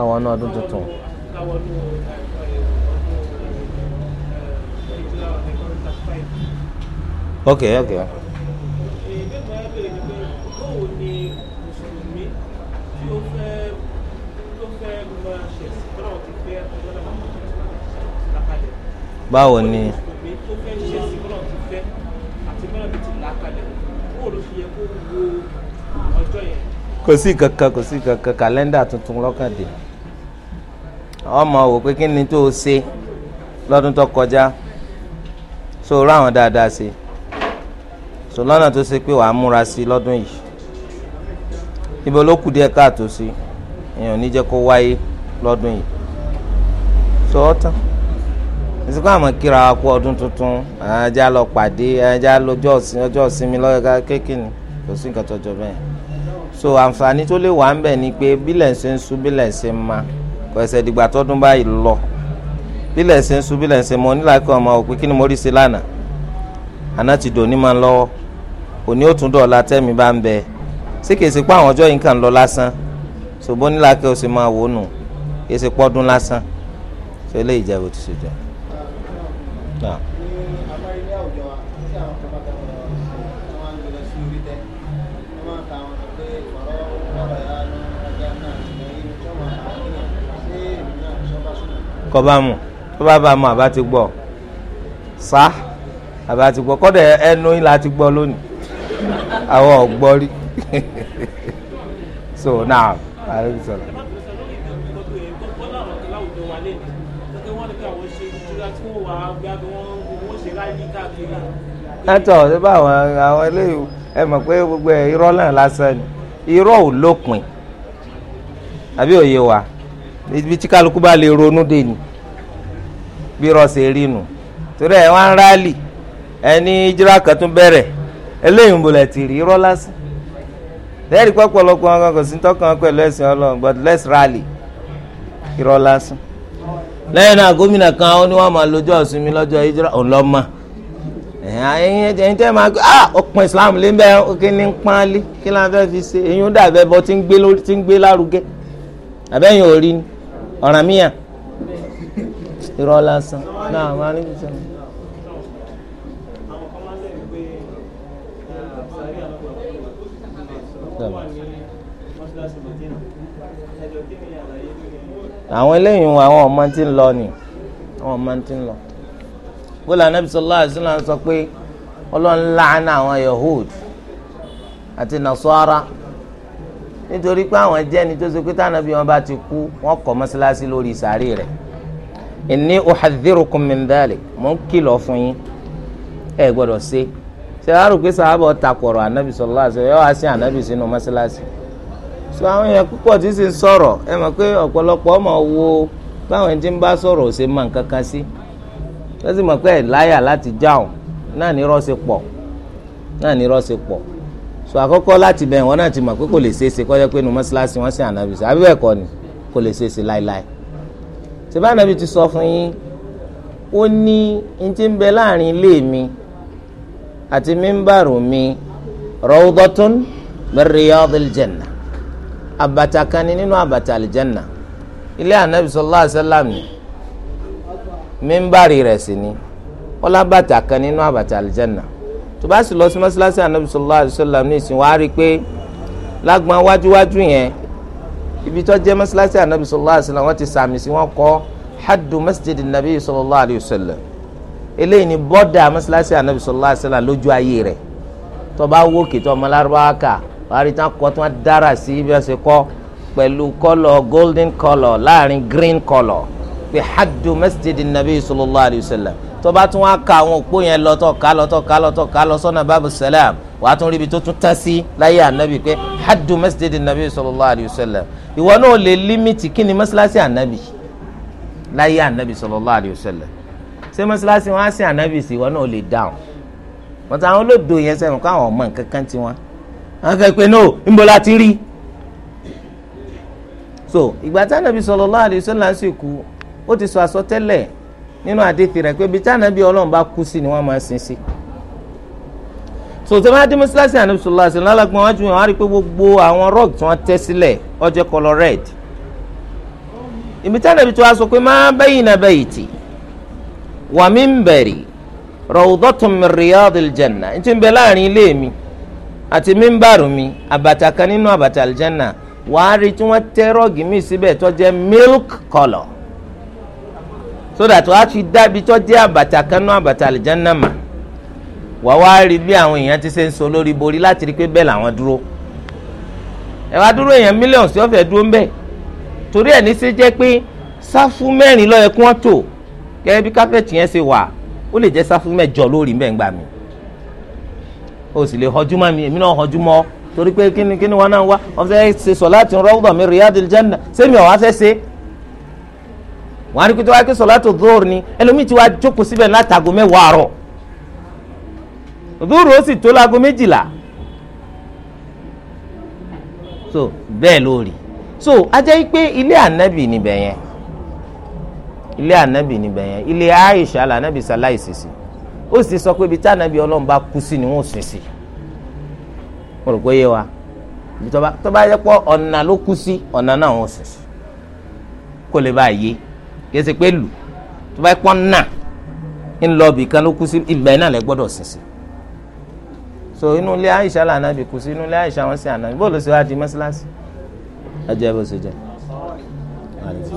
àwọn náà ọdún tuntun. ok ok. báwo ni. kò sí kankan kò sí kankan kàlẹ́ndà tuntun lọ́kàn dé ọmọ wò pé kí ni tó o ṣe lọ́dún tó kọjá so rọ àwọn dáadáa ṣe so lọ́nà tó ṣe pé wàá múra sí lọ́dún yìí ibo ló kù díẹ̀ káàtó sí èèyàn ní jẹ́ kó wáyé lọ́dún yìí so ọ́ tán ìsìnkú àmọ́ kíra wa kú ọdún tuntun ẹ̀ẹ́dá lọ pàdé ẹ̀ẹ́dá lọ́jọ́ ọjọ́ ìsinmi lọ́yọ̀ká kékeré kò sí nǹkan tó jọ bẹ́ẹ̀ so àǹfààní tó lè wà ń bẹ̀ ni pé bílẹ̀ ṣe ń sú bílẹ̀ ṣe ń máa kò ẹsẹ̀ dìgbà tọdún báyìí lọ bílẹ̀ ṣe ń sun bílẹ̀ ṣe mọ́ nílà kí ọmọ òpin kí ni mo rí sí lánàá àná ti dò ní máa ń lọ́wọ́ òní ó tún dọ̀la tẹ́mi bá ń bẹ sí kìí ṣe pé àwọn ọjọ́ yìí kàn lọ lásán ṣùgbọ́n nílà kí máa wò nù kìí ṣe pọ́dún lásán ṣe eléyìí jẹ́ bó ṣe jẹ́. kọba mu tọba bá mu àbá ti gbọ́ sá àbá ti gbọ́ kọdẹ ẹnu yìí la ti gbọ́ lónìí àwọn ọgbọ rí *laughs* so now àrẹ bí sọ̀rọ̀. ẹtọ ṣé báwọn àwọn eléyìí ẹ mọ̀ pé gbogbo irọ́ náà lásán ni irọ́ ò lópin àbí òye wa ibi tí kálukú bá lè ronú dè ní bí rọ̀ṣẹ̀ rí nu torí ẹ̀ wá ń rálì ẹni ìjírà kan tún bẹ̀rẹ̀ eléyìí ń bolẹ̀ tì rí irọ́ lásán lẹ́yìn pọ̀pọ̀lọpọ̀ wọn kò sí tọkàn pẹ̀lú ẹ̀sìn ọlọ́run but let's rally irọ́ lásán lẹ́yìn náà gómìnà kan ó ní wọ́n máa lójú ọ̀sùn mi lọ́jọ́ ìjírà ọ̀lọ́mà ẹ̀yin ẹ̀yin tẹ́ máa gbé ah ọ̀pọ̀ Islam lé bẹ́ẹ̀ kí ni ń pálí kí ni a fẹ́ fi ṣe ẹ̀yin ó dàbẹ́ bọ́ tí ń gbé lárugẹ àbẹ́yìn ò rí ni ọ̀ràn míyàn irọ́ lásán náà wọ́n á níbi àwọn eléyìí àwọn ọmọ tí ń lọ ni àwọn ọmọ tí ń lọ bóla anabi àṣìlá sọ pé ọlọ́run láàánú àwọn yahood àti nasara. nítorí pé àwọn jẹ́ni tó ṣe pé tànàbí wọn bá ti kú wọn kọ́ mọ́ṣáláṣí lórí sàárè rẹ̀ inni uhadhirukum min dhalik ń kìlọ̀ fún yín ẹ gbọ́dọ̀ ṣe ṣe wàá pé sàábọ̀ takọ̀rọ̀ ànábì sallallahu alaihi wasallam wá sí ànábì sínú mọ́ṣáláṣí so àwọn èèyàn púpọ̀ tí sì ń sọ̀rọ̀ ẹ mọ̀ pé ọ̀pọ̀lọpọ̀ ọmọ wo báwọn so àkọ́kọ́ láti bẹ̀ wọ́n náà ti mọ̀ pé kò lè ṣeéṣe kọ́jọ́ pé nu mọ́ṣáláṣí wọ́n sìn ànábì sí àbí bẹ́ẹ̀ kọ́ ni kò lè ṣeéṣe láéláé ṣèbá ànábì ti sọ fún yín ó ní n ti ń bẹ láàrin ilé mi àti mímbàrò mi rawdatun min àbàtà kan ni nínú àbàtà àlìjẹ́nà ilé ànábì sallallahu alaihi wasallam rẹ̀ sì ni wọ́n lábàtà kan nínú àbàtà àlìjẹ́nà tó bá sì lọ sí mọ́sálásí anabi sallallahu alayhi wa sallam ní ìsìn wàá rí i pé lágbọn wájúwájú yẹn ibi tó jẹ́ mọ́sálásí anabi sallallahu alayhi wa sallam wọ́n ti sàmì sí wọn kọ́ haddu masjid nabi sallallahu alayhi wa sallam eléyìí ni bọ́dà mọ́sálásí anabi sallallahu alayhi wa sallam lójú ayé rẹ̀ tó bá wókè tó ọmọ lárúbáwá kà wàá rí i tán kọ́ tó wọn dára sí ibi ọ̀sẹ̀ kọ́ pẹ̀lú kọ́lọ̀ golden colour láàrin green colour tó bá tún wá ka àwọn òpó yẹn lọ tó ká lọ tó ká lọ tó ká lọ sọ́nà bábù sẹ́lẹ̀m wàá tún rí ibi tó tún tán sí láyé ànábì pé hadu masjid nabi sallallahu alayhi wa sallam ìwọ náà lè límìtì kí ni mọ́sálásí ànábì láyé ànábì sallallahu alayhi wa sallam ṣé mọ́sálásí wọn á sí ànábì sí ìwọ náà lè dáhùn wọn tí àwọn olódò yẹn sẹ́wọ̀n káwọn ọmọ nǹkan kan ti wọn àwọn kan pé no ńbọ la ti rí so ìgbà tí ànábì sallallahu alayhi wa sallam sì kú ó ti sọ nínú àdéhìí rẹ̀ pé ibi tí ànábì ọlọ́run bá kú sí ni wọ́n máa sin sí. sòtẹ́ bá dé mọ́sálásí ànábì sọ̀rọ̀ àṣẹ lálágbọ́n wájú wọn á rí i pé gbogbo àwọn rọ́ọ̀gì tí wọ́n tẹ́ sílẹ̀ ó kọlọ red. ibi tí ànábì tó wá sọ pé má bayna bayti wa minbari rawdatun min riyadil janna ní ti ń bẹ láàrin ilé mi àti mímbàrú mi àbàtà kan nínú àbàtà aljanna wàá rí tí wọ́n tẹ́ rọ́ọ̀gì míì síbẹ̀ tó milk colour sódà tó a fi dábì tó jẹ́ àbàtà kanú àbàtà àlìjáná mà wà wá rí bí àwọn èèyàn ti ṣe ń so lórí borí láti rí pé bẹ́ẹ̀ làwọn dúró ẹ wá dúró èèyàn mílíọ̀nù sí ọ̀fẹ́ dúró ń bẹ̀ torí ẹ̀ ní ṣe jẹ́ pé sáfù mẹ́rin ló yẹ kí wọ́n tò gẹ́gẹ́ bí kápẹ́ẹ̀tì yẹn ṣe wà ó lè jẹ́ sáfù mẹ́jọ lórí mẹ́ngbà mi o sì lè họjú mọ́ mi èmi náà họjú mọ́ ọ torí pé kíni kíni wọn náà wá ọ̀fẹ́ ṣe sọ láti rọ́ọ̀dọ̀ mi rìádìí jẹ́nà sẹ́mi ọ̀ wọn á rí kótó wá pé sọ̀látò dóòrù ni ẹlòmíì ti wá jókòó síbẹ̀ látago mẹ́wàá àárọ̀ dóòrù ó sì tó láago méjìlá so bẹ́ẹ̀ lórí so ajẹ́ pé ilé ànábì níbẹ̀ yẹn ilé ànábì níbẹ̀ yẹn ilé Aisha la ànábì sáláì sèse ó sì sọ pé ibi tí ànábì ọlọ́run bá kú sí ni wọ́n sìn sí mo rò pé yé wa tó bá yẹ pọ̀ ọ̀nà ló kú sí ọ̀nà náà wọ́n sìn sí kó lè bá yé kìí ṣe pé lù tó bá pọ́n náà ń lọ bì kan ló kú sí ìgbà iná lẹ gbọ́dọ̀ sìn sí so inú ilé Aisha là ànábì kú sí inú ilé Aisha wọn sí ànábì bó ló ṣe wá di mọ́ṣáláṣí ẹ bó ṣe jẹ́ ṣe eléyìí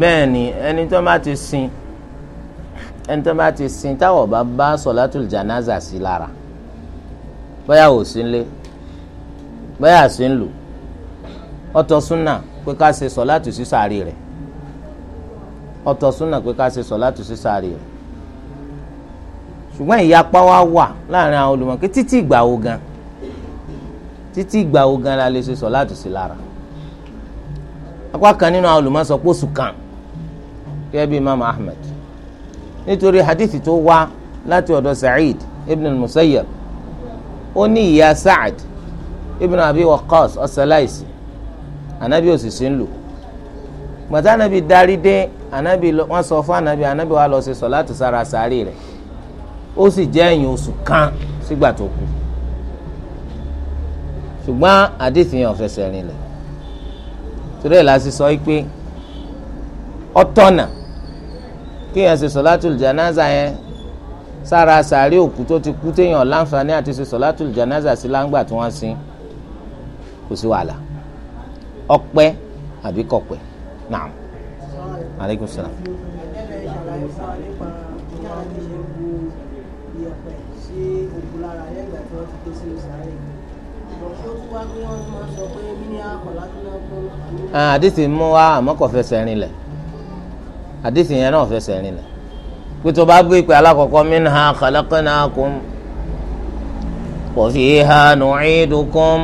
bẹ́ẹ̀ ni ẹni tó bá ti sin ẹni tó bá ti sin táwọn bá bá sọ̀látùl jànáza sí lára bóyá ò sí nlé bóyá sí ń lò ọtọ súnà pé ká ṣe sọ̀látù sí sàárì rẹ̀ ọtọ súnà pé ká ṣe sọ̀látù sí sàárì rẹ̀ ṣùgbọ́n ìyapa wa wà láàrin àwọn olùmọ̀kí títí ìgbà wo gan títí ìgbà wo gan la lè ṣe sọ̀látù sí lára apá kan nínú àwọn olùmọ̀ sọ pé oṣù kan gẹ́gẹ́ bí imam ahmed nítorí hadithi tó wá láti ọ̀dọ̀ sa'id ibn musayyab ó ní ìyá sa'ad ibn abi waqas ọ̀sálàìsì anabi òsìsì ń lò gbàtà anabi darí dé anabi wọn sọ fún anabi anabi wa lọ sí sọláàtì sára sáré rẹ̀ ó sì jẹ́ ẹ̀yìn oṣù kan sígbà tó kù ṣùgbọ́n hadithi yẹn ò fẹsẹ̀ rinlẹ̀ torí ẹ̀ la ṣe sọ pé ọ̀tọ̀nà kéèyàn ṣe sọ̀látùl jànáza yẹn sára sàárè òkú tó ti kú téèyàn láǹfààní àti ṣe sọ̀látùl jànáza sí láǹgbà tí wọ́n sin kò sí wàhálà ọpẹ́ àbí kọ̀pẹ́ naam aleykum salaam. ṣe òkú lára lẹ́gbàá tí ti ké sí ìsàlẹ̀ ìbọn tí ó tún wá ní ọ̀nà àdìsí ah, mú wa àmọ́ kò fẹsẹ̀ rinlẹ̀ àdìsí yẹn náà fẹsẹ̀ rinlẹ̀ pé tó bá gbé ìpè alákọ̀ọ́kọ́ minha khalaqnakum wa fiha nu'idukum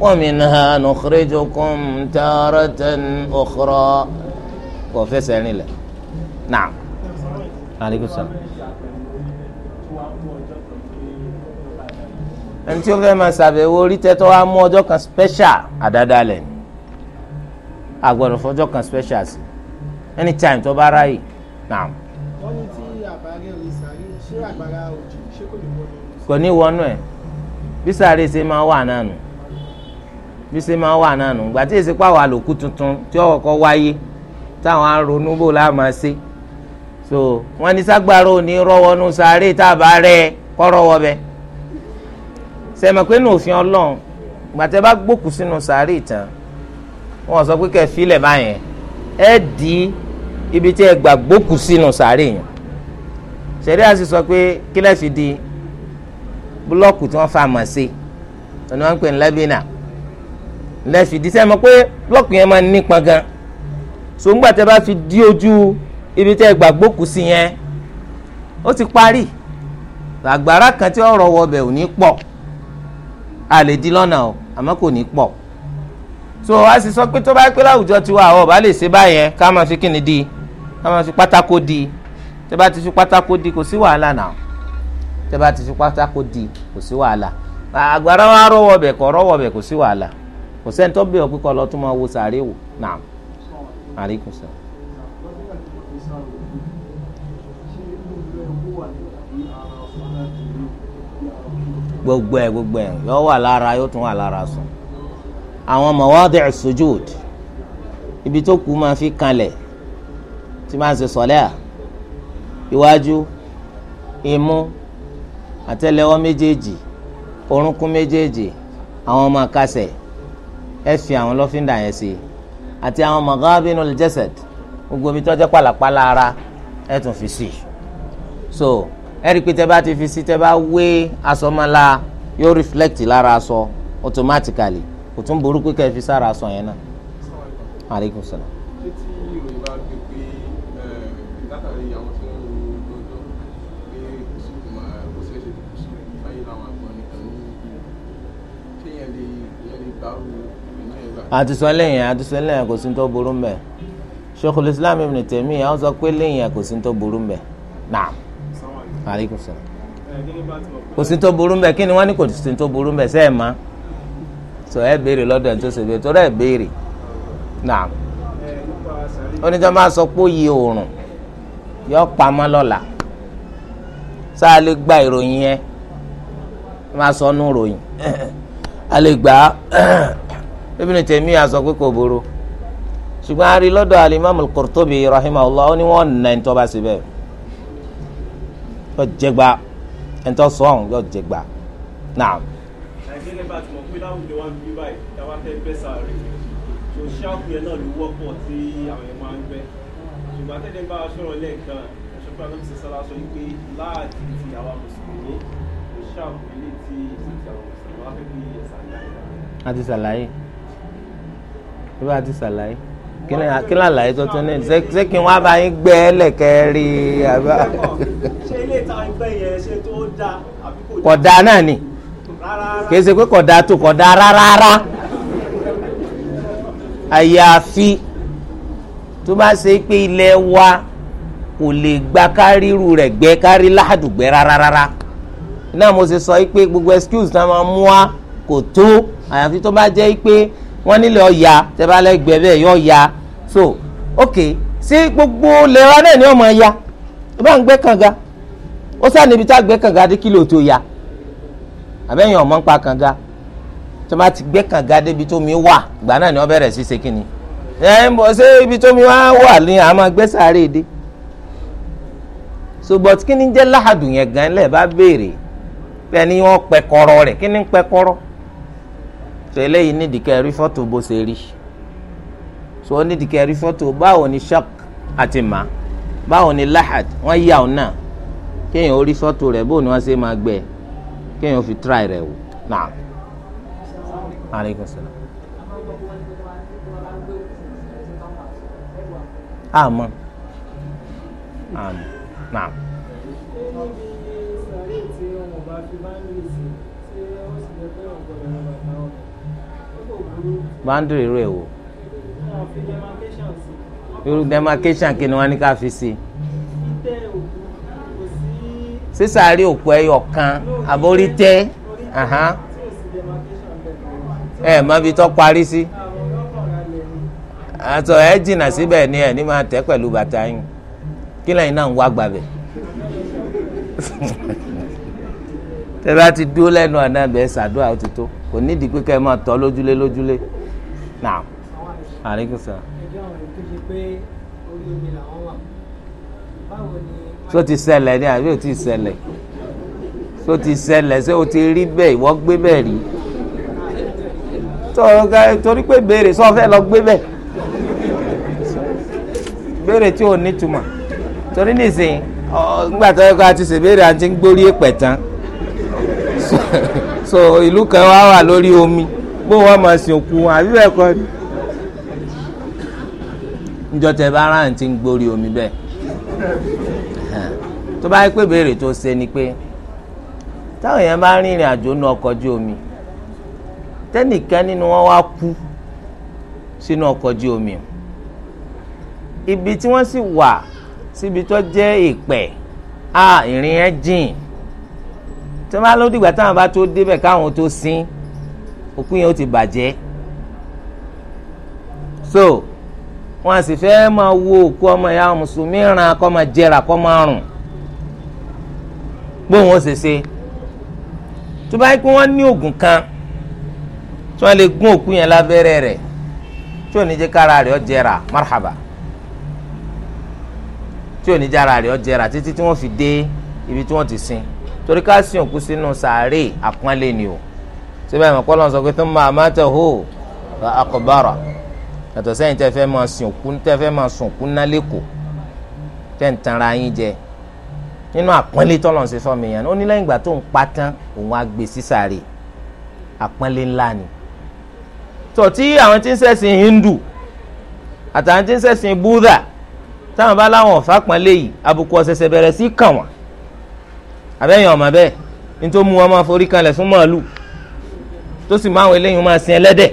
wa minha nukhrijukum taratan ukhra kò fẹsẹ̀ rinlẹ̀ naam aleykum salaam. ẹni tí ó fẹ́ máa ṣàbẹ̀wò orí tẹ́tọ́ wa mú ọjọ́ kan special àdáadáa lẹ́nu àgbọ̀dọ̀ fọjọ́ kan special sí anytime tó bá ráyè naam. wọ́n ní tí àbárẹ́ rẹ̀ sàárè ṣé àgbàrá òjò ṣé kò ní wọnú ẹ̀. kò ní wọnú ẹ̀ bí sàárè ṣe máa wà náà bí ṣe máa wà náà nù gbàtí èsì pàwọ́ àlòkù tuntun tí ọ̀rọ̀ kọ́ wáyé táwọn aronú bò láàmà ṣe so wọ́n ní ságbára òní rọ́wọ́nú sàárè tábà rẹ̀ kọ́rọ́wọ́ bẹ́ẹ̀ sẹ́mi pé ní òfin ọlọ́run gbàtẹ́ bá gbókù sínú sàárè tán wọn sọ pé kẹ́ filẹ̀ báyẹn ẹ di ibi tí ẹ gbàgbó kù sínú sàárè yẹn sẹ̀rí àti sọ pé kílẹ̀ fi di búlọ́ọ̀kù tí wọ́n fa àmọ̀ sí ọ̀nà wọn ń pè ní lẹ́bìnà lẹ́fì di sẹ́mi pé búlọ́ọ̀kù yẹn máa ń nípọn gan sòǹgbà tẹ bá fi di ojú ibi tẹ gbàgbó kù sí yẹn ó ti parí àgbàrá kan tí ọ̀rọ̀ wọbẹ̀ ò ní pọ̀ a di lọ́nà o àmọ́ kò ní pọ̀ so a sì sọ pé tó bá pé láwùjọ tiwa àwọn ọba lè ṣe báyẹn ká máa fi kíni di ká máa fi pátákó di tẹ bá ti fi pátákó di kò sí wàhálà náà tẹ bá ti fi pátákó di kò sí wàhálà àgbàrá wa rọwọ bẹ kọ rọwọ bẹ kò sí wàhálà kò sẹ́ni tó bẹ̀rẹ̀ pípọ̀ lọ́tún máa wo sàárè wò náà àríkùn sọ. gbogbo ẹ gbogbo ẹ yọ wà lára yóò tún wà lára sùn àwọn mawadi' sujud ibi tó kù máa fi kanlẹ̀ tí máa ṣe sọlẹ́ à iwájú imú àtẹ́lẹwọ́ méjèèjì orúnkún méjèèjì àwọn ọmọ akásẹ̀ ẹ fi àwọn lọ́fíńdà yẹn sí àti àwọn maghabinul jasad gbogbo ibi tó jẹ́ pàlàpàlà ara ẹ tún fi sí so ẹ pé tẹ bá ti fi sí tẹ bá wé aṣọ máa la yóò reflect lára aṣọ automatically kò tún burú pé ká ẹ fi sára aṣọ yẹn náà. aleykum salaam. ṣé tí ìròyìn bá gbé pé látàrí àwọn tí wọ́n ń lo lọ́jọ́ pé sùkú máa ó ṣe é ṣe sùkú báyìí láwọn àgbọn nìkan ní ìlú ṣé yẹn lè yẹn lè gbárù ìròyìn yẹn gbà. lẹ́yìn àtisọ́ lẹ́yìn kò sí tó burú mẹ́ Sheikhul Islam Ibn Taymiyyah àwọn sọ pé lẹ́yìn kò sí ní tó burú mẹ́ naam aleykum salaam kò sí tó burú mbẹ kí ni wọn ní kò sí tó burú mbẹ sẹ ẹ so ẹ béèrè lọ́dọ̀ ẹ̀ tó ṣe béèrè torí ẹ béèrè náà oníjọ́ máa sọ pé òye oòrùn yọ pamọ́ lọ́la sá a lè gba ìròyìn yẹn máa sọ nù ròyìn a lè gbà á Ibn Taymiyyah sọ pé kò burú ṣùgbọ́n a rí lọ́dọ̀ al-Imam al-Qurtubi rahimahullah ó ní wọ́n nà ẹni tó bá ṣe bẹ́ẹ̀ yọ jẹgba ẹni tó sọ yọ jẹgba náà nàìjíríà nígbà tí mo pé láwùjọ wa ń bí báyìí táwa fẹ́ bẹ́ sàárè tó ṣáàpù bá a sọ̀rọ̀ lẹ́ẹ̀kan ṣọ́pẹ́ àná ṣe ti sàlàyé kí ló àlàyé tó tún ní ṣé kí wọn bá yín gbẹ ẹlẹkẹ rí i ṣé ilé ìta ẹgbẹ́ yẹn ṣe tó dáa àbí kò dáa. kò dáa náà ni kìí ṣe pé kò dáa tó kò dáa rárá àyàfi tó bá ṣe pé ilẹ̀ wa kò lè gba káríru rẹ̀ gbẹ́ kárí láàdùgbẹ́ rárá náà mo ṣe sọ pé gbogbo excuse tá a máa mú wa kò tó àyàfi tó bá jẹ́ pé wọ́n nílẹ̀ ọ̀ya tẹ́ bá bẹ́ẹ̀ yọ̀ ya so ok ṣé gbogbo lẹ́wà náà ni ọmọ ya bá ń gbẹ́ kànga ó sá níbi tá a gbẹ́ kànga dé kílò tó ya àbẹ́yìn ọ̀mọ́ ń pa kànga tó bá ti gbé kànga débi tó mi wà gbà náà ni wọ́n bẹ̀rẹ̀ sí ṣe kínni ẹ ń bọ̀ ṣé ibi tó mi wá wà ní àmọ́ gbé sáré dé ṣùgbọ́n kí ni jẹ́ láhàdù yẹn gan lẹ̀ bá béèrè bẹ́ẹ̀ ni wọ́n pẹ kọ́rọ́ rẹ̀ kí ni ń pẹ kọ́rọ́ tó eléyìí nídìí kẹ́ rí fọ́tò bó ṣe rí tó nídìí kẹ́ rí fọ́tò báwo ni shak àti mà báwo ni láhàd wọ́n yà ọ́ náà kéèyàn ó rí fọ́tò rẹ̀ bóun ni wọ́n ṣe máa gbẹ̀ẹ́ kéèyàn fi tíráì rẹ̀ wò náà aleykum salaam. àmọ́ àmọ́ náà. báńdìrì rẹ̀ wò irú demarcation kí ni wọ́n ní ká fi sí sísàárì òkú ẹyọ kan àbórí tẹ́ ẹ mọ ibi tó parí sí àtọ ẹ jìnnà síbẹ̀ ni ẹ ní máa tẹ́ pẹ̀lú bàtà yín kí lẹ́yìn náà ń wá gbàbẹ̀ tẹ́ bá ti dúró lẹ́nu ọ̀nà ẹ̀ ṣàdúrà ó ti tó kò nídìí pé kẹ́ ẹ máa tọ́ lójúlé lójúlé náà àríkùsà. ẹjọ́ àwọn ètò ṣe pé orí omi làwọn wà báwo ni só ti ṣẹlẹ̀ ni àbí ò ti ṣẹlẹ̀ só ti ṣẹlẹ̀ ṣé o ti rí bẹ́ẹ̀ ìwọ gbé bẹ́ẹ̀ rí torí pé béèrè sọ fẹ́ lọ gbé bẹ́ẹ̀ béèrè tí ò nítumọ̀ torí nìsín ńgbà tó yẹ kó a ti ṣèbéèrè àti ń gbórí èpẹ̀ tán so ìlú kan wá wà lórí omi bó wọn máa sin òkú wọn àbí bẹ́ẹ̀ kọ́ ni njọ tẹ bá ara ẹ̀ gbórí omi bẹ́ẹ̀ tó bá yẹ pé béèrè tó ṣe ni pé táwọn èèyàn bá rin ìrìn àjò nu ọkọ̀ ojú omi tẹ́nìkan nínú wọn wá kú sínú ọkọ̀ ojú omi ibi tí wọ́n sì wà síbi tó jẹ́ ìpẹ́ a ìrìn yẹn jìn tí wọ́n bá ló dìgbà táwọn bá tó débẹ̀ káwọn tó sin òkú yẹn ó ti bàjẹ́ so wọn sì fẹ́ máa wo òkú ọmọ ìyá mùsùlùmí ràn kọ́ máa jẹrà kọ́ máa rùn gbóhùn ó ṣe ṣe tó bá yẹ kí wọ́n ní oògùn kan tí wọ́n lè gún òkú yẹn lábẹ́rẹ́ rẹ̀ tí ò ní jẹ́ kára rẹ̀ ó jẹrà marhaba tí ò ní jẹ́ ara rẹ̀ ó jẹrà títí tí wọ́n fi dé ibi tí wọ́n ti sin torí ká sin òkú sínú sàárè àpọ́nlé ni o síbẹ̀ ìmọ̀ kọ́ ló ń sọ pé thumma amatahu fa aqbara yàtọ̀ sẹ́yìn tẹ́ fẹ́ máa sin òkú tẹ́ fẹ́ sun òkú ná lẹ́kọ̀ọ́ tẹ́ ń tanra yín jẹ nínú àpọ́nlé tọ́lọ̀ ṣe fọ́ mi yẹn ó ní lẹ́yìn ìgbà tó ń pa tán òun á gbé sísàrè àpọ́nlé ńlá ni. tó tí àwọn tí ń ṣẹ̀sìn Hindu àtàwọn tí ń ṣẹ̀sìn Buddha táwọn bá láwọn ọ̀fà pọ́nlé yìí àbùkù ọ̀sẹ̀sẹ̀ bẹ̀rẹ̀ sí kàn wọ́n àbẹ́yìn ọ̀mọ bẹ́ẹ̀ ní tó mú wọn máa forí kanlẹ̀ fún màálù tó sì máa wọn eléyìí máa sin ẹlẹ́dẹ̀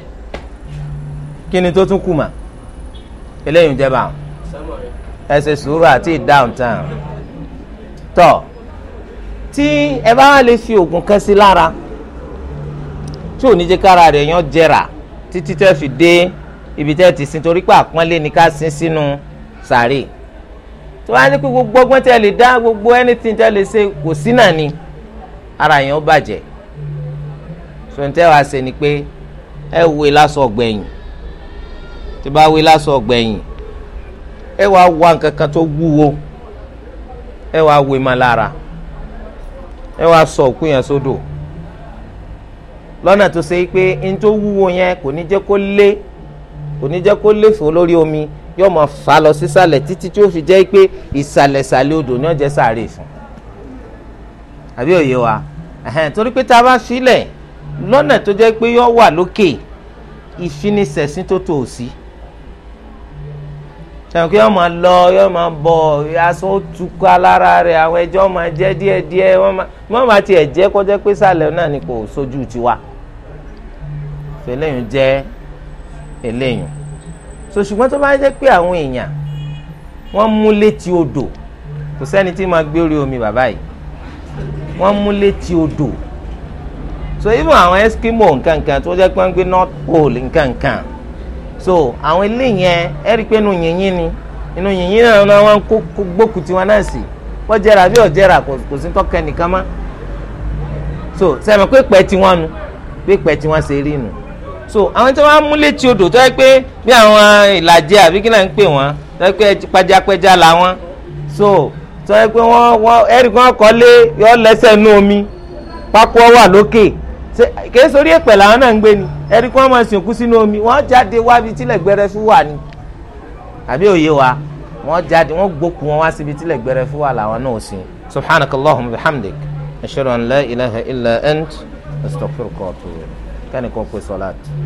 kí ni tó tún kù mà eléyìí jẹ́ bá wọn sùúrù àti ìdáhùn tán tọ tí ẹ bá lè fi oògùn kan sí lára tí ò ní jẹ́ kára rẹ̀ yan jẹrà títí tẹ́ fi dé ibi tẹ́ ti sin torí pé àpọ́nlé ni ká sin sínú sàárè tí wọ́n á ní pé gbogbo ọgbọ́n tẹ́ lè dá gbogbo anything tẹ́ lè ṣe kò sí náà ni ara yẹn ó bàjẹ́ sọ̀ǹtẹ́ wàá ṣe ni pé ẹ wé lásọ gbẹ̀yìn tí bá wé lásọ gbẹ̀yìn ẹ wàá wá nǹkan kan tó wúwo. ẹ wàá wé ma lára ẹ wàá sọ òkú yẹn sódò lọ́nà tó ṣe pé n tó wúwo yẹn kò ní jẹ́ kó lé kò ní jẹ́ kó lé léfò lórí omi yóò máa fà lọ sísàlẹ̀ títí tí ó fi jẹ́ pé ìsàlẹ̀sàlẹ̀ odò ni ó jẹ́ sàárè fún àbí òye wa torí pé tá a bá sílẹ̀ lọ́nà tó jẹ́ pé yóò wà lókè ìfinisẹ̀sìn tó tò sí. Si sẹ́wọ̀n kí wọ́n máa lọ yọ́ máa bọ̀ aṣọ òtúkọ́ alára rẹ̀ àwọn ẹjọ́ máa jẹ́ díẹ̀díẹ̀ wọ́n máa tiẹ̀ jẹ́ kọjá pé sàlẹ̀ náà ni kò sojú tiwa eléyìí jẹ́ eléyìí so ṣùgbọ́n tó bá jẹ́ pé àwọn èèyàn wọ́n mú létí odò kò sẹ́ni tí máa gbé orí omi bàbá yìí wọ́n mú létí odò so even àwọn Eskimo nkankan tó jẹ́ pé wọ́n gbé North Pole nkankan so àwọn ilé yẹn ẹ rí i pé inú yìnyín ni inú yìnyín náà ni wọ́n kó gbókùn tiwọn náà sí wọ́n jẹrà bí ọ̀jẹrà kò sí tọ́kẹ́ nìkan mọ́ so sẹ́mi pé pẹ́ tiwọn nu pé pẹ́ tiwọn ṣe rí nu so àwọn tí wọ́n á mú létí odò tó yẹ pé bí àwọn ìlàjẹ àbí kí náà ń pè wọ́n tó yẹ pé pajápẹ́já làwọn so tó yẹ pé wọ́n wọ́n ẹ̀rí kan kọ́lé yọ lẹ́sẹ̀ nú omi pákó wà lókè. Okay kì í sórí èpè làwọn náà ń gbé ni ẹni kí wọ́n máa sìnkú sínú omi wọ́n jáde wábi tílẹ̀ gbẹrẹfu wà ni àbí òye wa wọ́n jáde wọ́n gbókù wọn wá síbi tílẹ̀ gbẹrẹfu wà làwọn náà ò sìn subhanakallahumma bihamdik ashhadu an la ilaha illa ant astaghfiruka wa atubu ilayk kẹ́nìkan